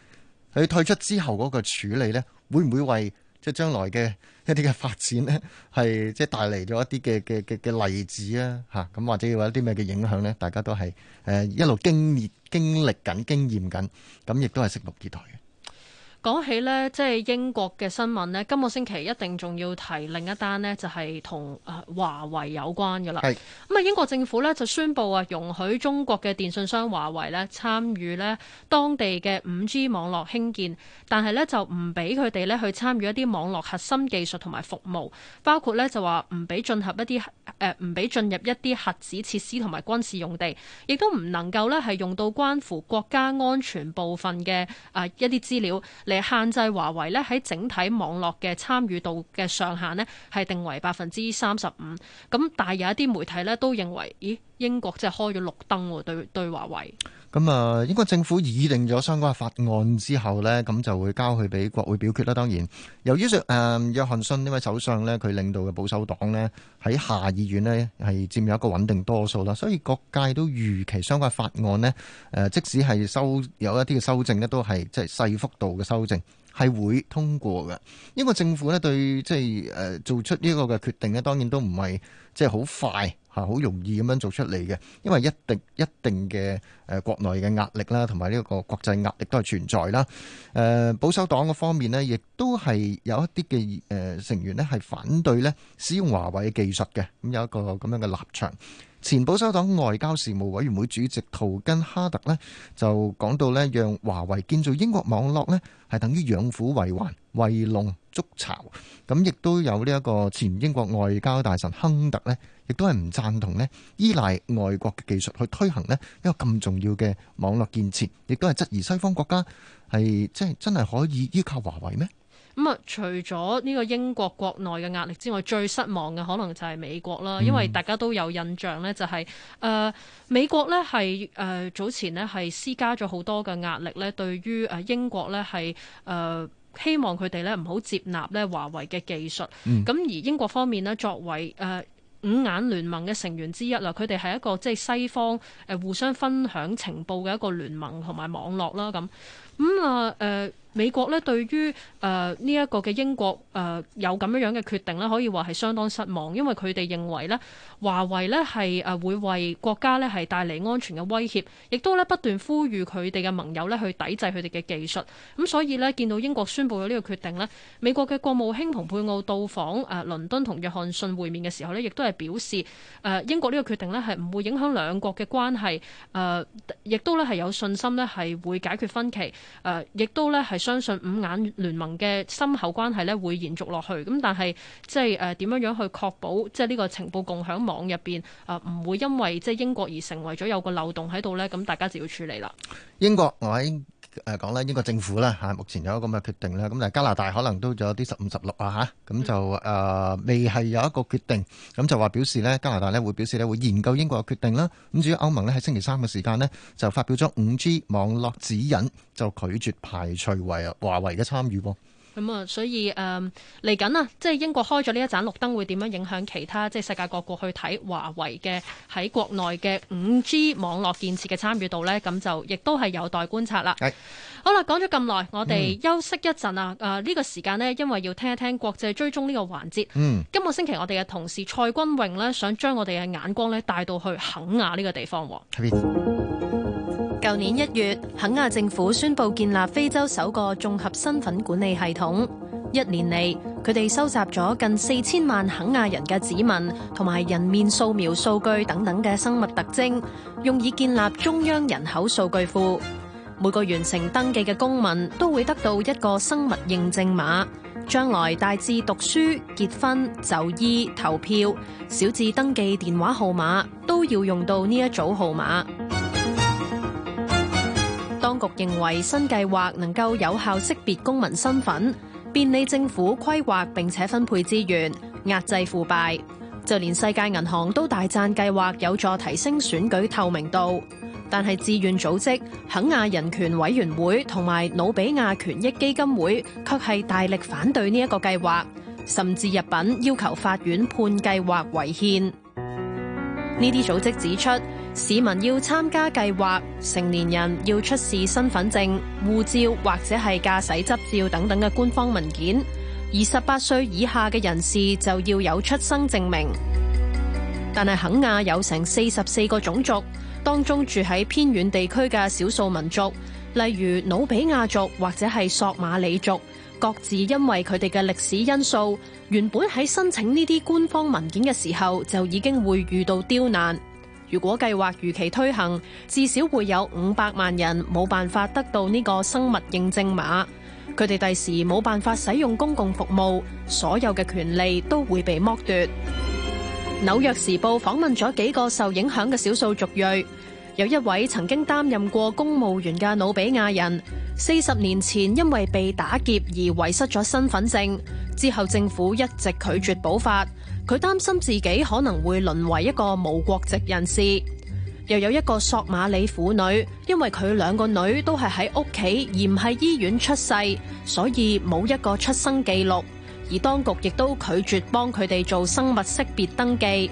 佢退出之後個處理咧，會唔會為即係將來嘅一啲嘅發展咧，係即係帶嚟咗一啲嘅嘅嘅嘅例子啊？吓，咁或者話一啲咩嘅影響咧？大家都係誒一路經歷經歷緊、經驗緊，咁亦都係拭目以待嘅。講起呢，即係英國嘅新聞呢，今個星期一定仲要提另一單呢，就係同啊華為有關嘅啦。咁啊是，英國政府呢，就宣布啊，容許中國嘅電訊商華為呢參與呢當地嘅五 G 網絡興建，但係呢，就唔俾佢哋呢去參與一啲網絡核心技術同埋服務，包括呢，就話唔俾進合一啲誒唔俾進入一啲、呃、核子設施同埋軍事用地，亦都唔能夠呢，係用到關乎國家安全部分嘅啊一啲資料。限制華為咧喺整體網絡嘅參與度嘅上限咧，係定為百分之三十五。咁但係有一啲媒體咧都認為，咦英國真係開咗綠燈對對華為。咁啊，英國政府擬定咗相關法案之後呢咁就會交去俾國會表決啦。當然，由於上、呃、約翰遜呢位首相呢，佢領導嘅保守黨呢，喺下議院呢係佔有一個穩定多數啦，所以各界都預期相關法案呢，誒、呃、即使係修有一啲嘅修正呢都係即係細幅度嘅修正係會通過嘅。英國政府呢，對即係誒、呃、做出呢個嘅決定咧，當然都唔係即係好快。係好容易咁樣做出嚟嘅，因為一定一定嘅誒國內嘅壓力啦，同埋呢個國際壓力都係存在啦。誒、呃、保守黨嘅方面呢，亦都係有一啲嘅誒成員呢係反對呢使用華為嘅技術嘅，咁有一個咁樣嘅立場。前保守黨外交事務委員會主席圖根哈特呢，就講到呢：「讓華為建造英國網絡呢，係等於養虎為患、為龍。捉巢。咁亦都有呢一個前英國外交大臣亨特咧，亦都係唔讚同咧，依賴外國嘅技術去推行咧一個咁重要嘅網絡建設，亦都係質疑西方國家係即係真係可以依靠華為咩？咁啊，除咗呢個英國國內嘅壓力之外，最失望嘅可能就係美國啦，因為大家都有印象咧，就是，就係誒美國咧係誒早前咧係施加咗好多嘅壓力咧，對於誒英國咧係誒。呃希望佢哋咧唔好接納咧華為嘅技術。咁、嗯、而英國方面咧，作為誒五眼聯盟嘅成員之一啦，佢哋係一個即係西方誒互相分享情報嘅一個聯盟同埋網絡啦咁。咁啊，誒、嗯呃、美國呢，對於誒呢一個嘅英國誒、呃、有咁樣樣嘅決定呢，可以話係相當失望，因為佢哋認為呢，華為呢係誒會為國家呢係帶嚟安全嘅威脅，亦都呢不斷呼籲佢哋嘅盟友呢去抵制佢哋嘅技術。咁、嗯、所以呢，見到英國宣布咗呢個決定呢，美國嘅國務卿蓬佩奧到訪誒倫敦同約翰遜會面嘅時候呢，亦都係表示誒、呃、英國呢個決定呢係唔會影響兩國嘅關係，誒、呃、亦都呢係有信心呢係會解決分歧。誒，亦都咧係相信五眼聯盟嘅深厚關係咧，會延續落去。咁但係即係誒點樣樣去確保即係呢個情報共享網入邊誒唔會因為即係英國而成為咗有個漏洞喺度呢？咁大家就要處理啦。英國，我喺。誒講咧，英國政府啦嚇，目前有一個咁嘅決定咧，咁但係加拿大可能都有啲十五十六啊嚇，咁、嗯、就誒、呃、未係有一個決定，咁就話表示呢，加拿大咧會表示咧會研究英國嘅決定啦。咁至於歐盟呢，喺星期三嘅時間呢，就發表咗五 G 網絡指引，就拒絕排除華華為嘅參與。咁啊、嗯，所以誒嚟緊啊，即係英國開咗呢一盞綠燈，會點樣影響其他即係世界各國去睇華為嘅喺國內嘅五 G 網絡建設嘅參與度呢？咁就亦都係有待觀察啦。係是。好啦，講咗咁耐，我哋休息一陣啊！誒呢、嗯呃這個時間呢，因為要聽一聽國際追蹤呢個環節。嗯。今個星期我哋嘅同事蔡君榮呢，想將我哋嘅眼光呢帶到去肯亞呢個地方。去去年一月，肯亞政府宣布建立非洲首個綜合身份管理系統。一年嚟，佢哋收集咗近四千萬肯亞人嘅指紋同埋人面掃描數據等等嘅生物特徵，用以建立中央人口數據庫。每個完成登記嘅公民都會得到一個生物認證碼，將來大至讀書、結婚、就醫、投票，小至登記電話號碼，都要用到呢一組號碼。當局認為新計劃能夠有效識別公民身份，便利政府規劃並且分配資源，壓制腐敗。就連世界銀行都大讚計劃有助提升選舉透明度，但係志願組織肯亞人權委員會同埋努比亞權益基金會卻係大力反對呢一個計劃，甚至入禀要求法院判計劃違憲。呢啲組織指出。市民要參加計劃，成年人要出示身份證、護照或者係駕駛執照等等嘅官方文件；二十八歲以下嘅人士就要有出生證明。但係肯亞有成四十四個種族，當中住喺偏遠地區嘅少數民族，例如努比亞族或者係索馬里族，各自因為佢哋嘅歷史因素，原本喺申請呢啲官方文件嘅時候就已經會遇到刁難。如果計劃如期推行，至少會有五百萬人冇辦法得到呢個生物認證碼，佢哋第時冇辦法使用公共服務，所有嘅權利都會被剝奪。紐 約時報訪問咗幾個受影響嘅少數族裔，有一位曾經擔任過公務員嘅努比亞人，四十年前因為被打劫而遺失咗身份證，之後政府一直拒絕補發。佢擔心自己可能會淪為一個無國籍人士，又有一個索馬里婦女，因為佢兩個女都係喺屋企，而唔係醫院出世，所以冇一個出生記錄，而當局亦都拒絕幫佢哋做生物識別登記。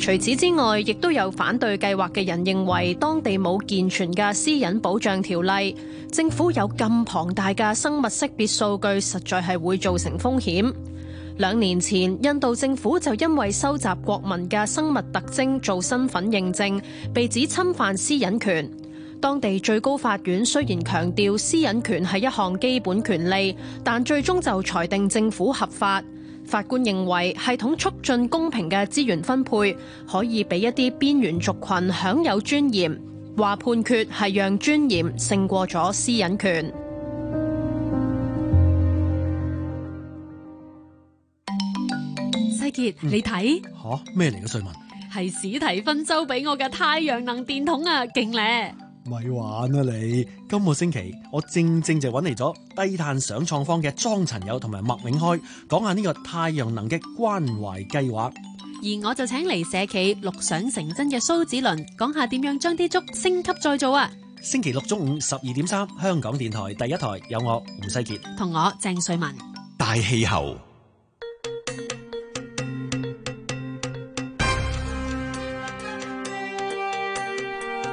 除此之外，亦都有反對計劃嘅人認為，當地冇健全嘅私隱保障條例，政府有咁龐大嘅生物識別數據，實在係會造成風險。兩年前，印度政府就因為收集國民嘅生物特徵做身份認證，被指侵犯私隱權。當地最高法院雖然強調私隱權係一項基本權利，但最終就裁定政府合法。法官認為，系統促進公平嘅資源分配，可以俾一啲邊緣族群享有尊嚴。話判決係讓尊嚴勝過咗私隱權。世傑，嗯、你睇吓咩嚟嘅？瑞文係史提芬州俾我嘅太陽能電筒啊，勁咧！咪玩啊你！今個星期我正正就搵嚟咗低碳想創坊嘅莊陳友同埋麥永開，講下呢個太陽能嘅關懷計劃。而我就請嚟社企綠想成真嘅蘇子倫，講下點樣將啲粥升級再造啊！星期六中午十二點三，3，香港電台第一台有我吳世傑同我鄭瑞文大氣候。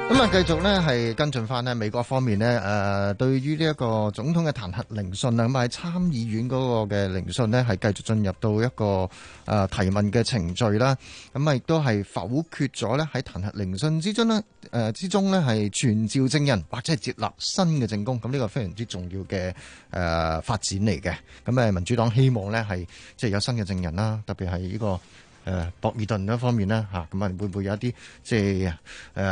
咁啊，繼續咧係跟進翻呢美國方面呢。誒，對於呢一個總統嘅彈劾聆訊啊，咁啊喺參議院嗰個嘅聆訊呢係繼續進入到一個誒提問嘅程序啦。咁啊，亦都係否決咗咧喺彈劾聆訊之中呢，誒、呃、之中咧係傳召證人或者係接納新嘅證供。咁呢個非常之重要嘅誒、呃、發展嚟嘅。咁誒民主黨希望呢，係即係有新嘅證人啦，特別係呢個。誒博爾頓嗰方面呢，嚇、啊，咁啊會唔會有一啲即係誒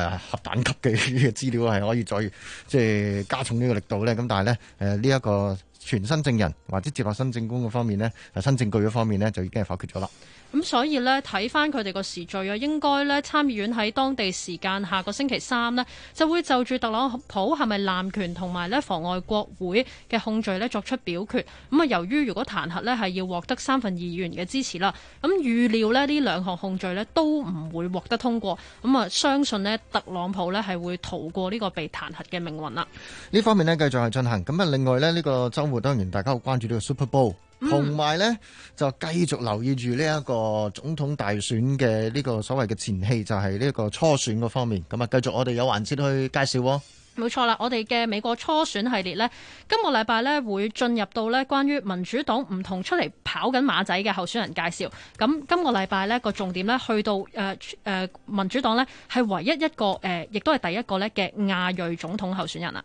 核彈級嘅資料係可以再即係、呃、加重呢個力度咧？咁但係咧誒呢一個、呃、全新證人或者接落新證供嘅方面咧，新證據嗰方面咧，就已經係否決咗啦。咁所以呢，睇返佢哋個時序啊，應該呢參議院喺當地時間下個星期三呢，就會就住特朗普係咪濫權同埋呢妨礙國會嘅控罪呢作出表決。咁、嗯、啊，由於如果彈劾呢係要獲得三分二議員嘅支持啦，咁、嗯、預料呢呢兩項控罪呢都唔會獲得通過。咁、嗯、啊、嗯，相信呢特朗普呢係會逃過呢個被彈劾嘅命運啦。呢方面呢，繼續係進行。咁啊，另外呢，呢、這個周末當然大家好關注呢個 Super Bowl。同埋、嗯、呢，就繼續留意住呢一個總統大選嘅呢個所謂嘅前期，就係呢一個初選嗰方面。咁啊，繼續我哋有環節去介紹、哦。冇錯啦，我哋嘅美國初選系列呢，今個禮拜呢會進入到呢關於民主黨唔同出嚟跑緊馬仔嘅候選人介紹。咁今個禮拜呢個重點呢，去到誒誒、呃呃、民主黨呢係唯一一個誒、呃，亦都係第一個呢嘅亞裔總統候選人啊！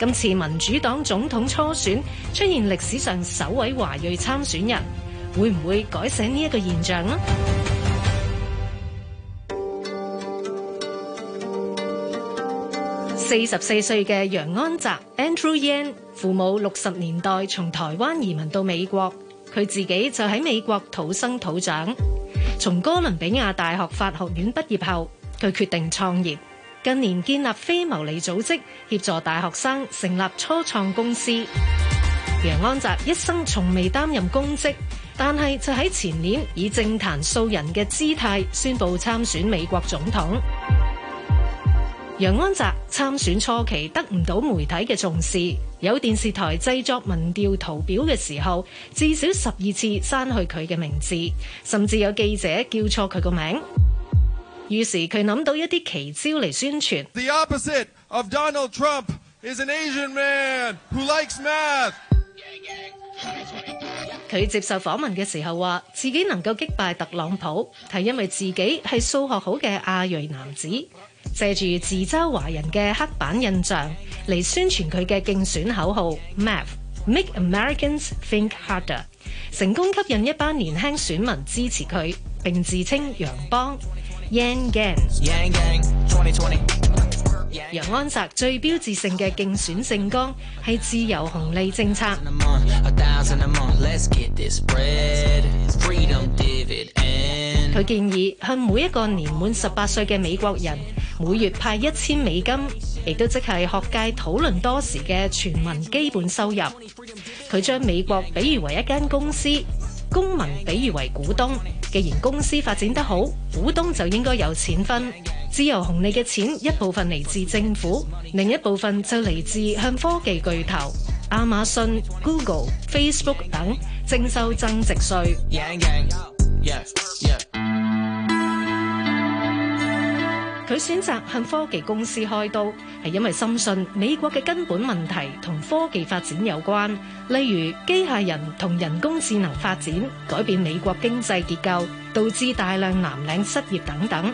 今次民主黨總統初選出現歷史上首位華裔參選人，會唔會改寫呢一個現象呢？四十四歲嘅楊安澤 Andrew Yang，父母六十年代從台灣移民到美國，佢自己就喺美國土生土長。從哥倫比亞大學法學院畢業後，佢決定創業。近年建立非牟利組織協助大學生成立初創公司。楊安澤一生從未擔任公職，但係就喺前年以政壇素人嘅姿態宣布參選美國總統。楊 安澤參選初期得唔到媒體嘅重視，有電視台製作民調圖表嘅時候，至少十二次刪去佢嘅名字，甚至有記者叫錯佢個名。於是佢諗到一啲奇招嚟宣傳。The opposite of Donald Trump is an Asian man who likes math. 佢接受訪問嘅時候話，自己能夠擊敗特朗普，係因為自己係數學好嘅亞裔男子，借住自嘲華人嘅黑板印象嚟宣傳佢嘅競選口號。Math make Americans think harder，成功吸引一班年輕選民支持佢，並自稱「楊邦」。Yang Yang，楊安澤最標誌性嘅競選政綱係自由紅利政策。佢建議向每一個年滿十八歲嘅美國人每月派一千美金，亦都即係學界討論多時嘅全民基本收入。佢將美國比喻為一間公司。公民比喻為股東，既然公司發展得好，股東就應該有錢分。自由紅利嘅錢一部分嚟自政府，另一部分就嚟自向科技巨頭亞馬遜、Google、Facebook 等徵收增值稅。佢選擇向科技公司開刀，係因為深信美國嘅根本問題同科技發展有關，例如機械人同人工智能發展改變美國經濟結構，導致大量藍領失業等等。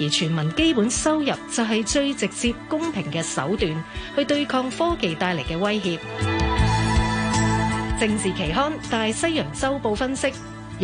而全民基本收入就係最直接公平嘅手段，去對抗科技帶嚟嘅威脅。政治期刊大西洋週報分析。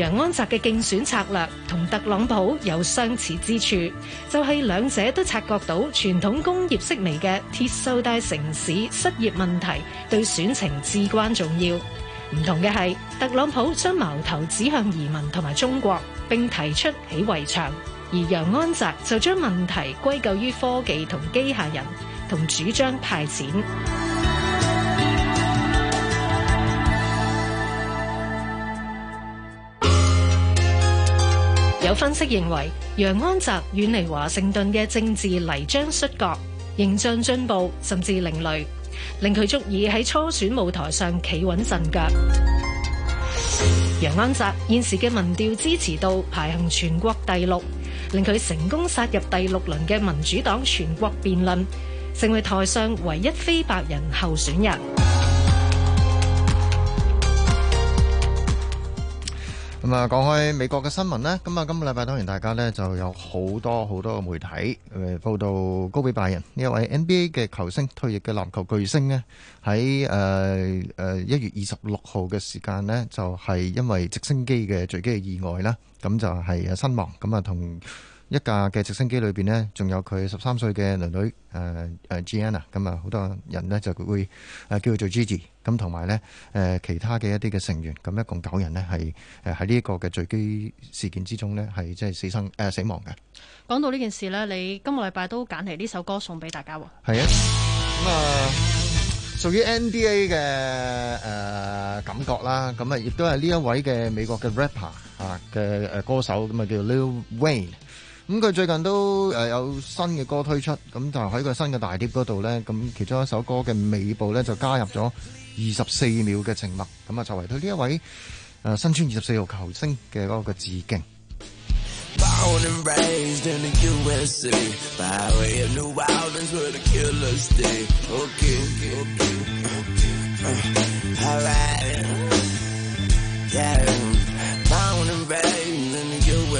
楊安澤嘅競選策略同特朗普有相似之處，就係、是、兩者都察覺到傳統工業式微嘅鐵鏽帶城市失業問題對選情至關重要。唔同嘅係，特朗普將矛頭指向移民同埋中國，並提出起圍牆；而楊安澤就將問題歸咎於科技同機械人，同主張派錢。有分析認為，楊安澤遠離華盛頓嘅政治泥漿摔角，形象進步甚至另類，令佢足以喺初選舞台上企穩陣腳。 楊安澤現時嘅民調支持度排行全國第六，令佢成功殺入第六輪嘅民主黨全國辯論，成為台上唯一非白人候選人。咁啊，講開美國嘅新聞咧，咁啊，今個禮拜當然大家咧就有好多好多嘅媒體誒報道高比拜仁呢一位 NBA 嘅球星退役嘅籃球巨星咧，喺誒誒一月二十六號嘅時間呢就係因為直升機嘅墜機嘅意外啦，咁就係身亡，咁啊同。一架嘅直升機裏邊咧，仲有佢十三歲嘅女女，誒誒 Gina，咁啊，好多人咧就會誒叫佢做 Gigi，咁同埋咧誒其他嘅一啲嘅成員，咁一共九人咧係誒喺呢一個嘅墜機事件之中咧係即係死生誒死亡嘅。講到呢件事咧，你今個禮拜都揀嚟呢首歌送俾大家喎。係啊，咁啊屬於 NBA 嘅誒感覺啦，咁啊亦都係呢一位嘅美國嘅 rapper 啊嘅誒歌手，咁啊叫做 Lil Wayne。咁佢最近都誒有新嘅歌推出，咁就喺個新嘅大碟嗰度咧，咁其中一首歌嘅尾部咧就加入咗二十四秒嘅靜默，咁啊就為咗呢一位誒身穿二十四號球星嘅嗰個致敬。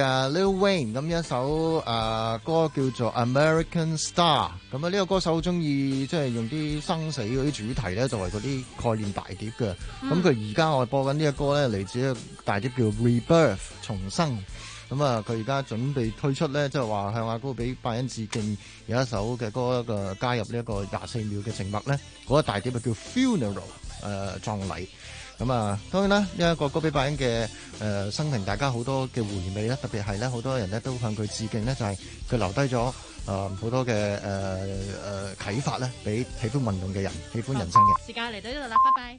啊、yeah，Lil Wayne 咁一首誒歌叫做《American Star》咁啊，呢個歌手好中意即係用啲生死嗰啲主題咧作為嗰啲概念大碟嘅。咁佢而家我播緊呢個歌咧嚟自一個大碟叫《Rebirth》重生。咁啊，佢而家準備推出咧，即係話向阿高比拜仁致敬，有一首嘅歌一加入呢一個廿四秒嘅靜默咧，嗰個大碟啊叫《Funeral》誒葬禮。咁啊，當然啦，呢一個高比拜恩嘅誒生平，大家好多嘅回味啦，特別係咧，好多人咧都向佢致敬咧，就係佢留低咗誒好多嘅誒誒啟發咧，俾喜歡運動嘅人，喜歡人生嘅時間嚟到呢度啦，拜拜。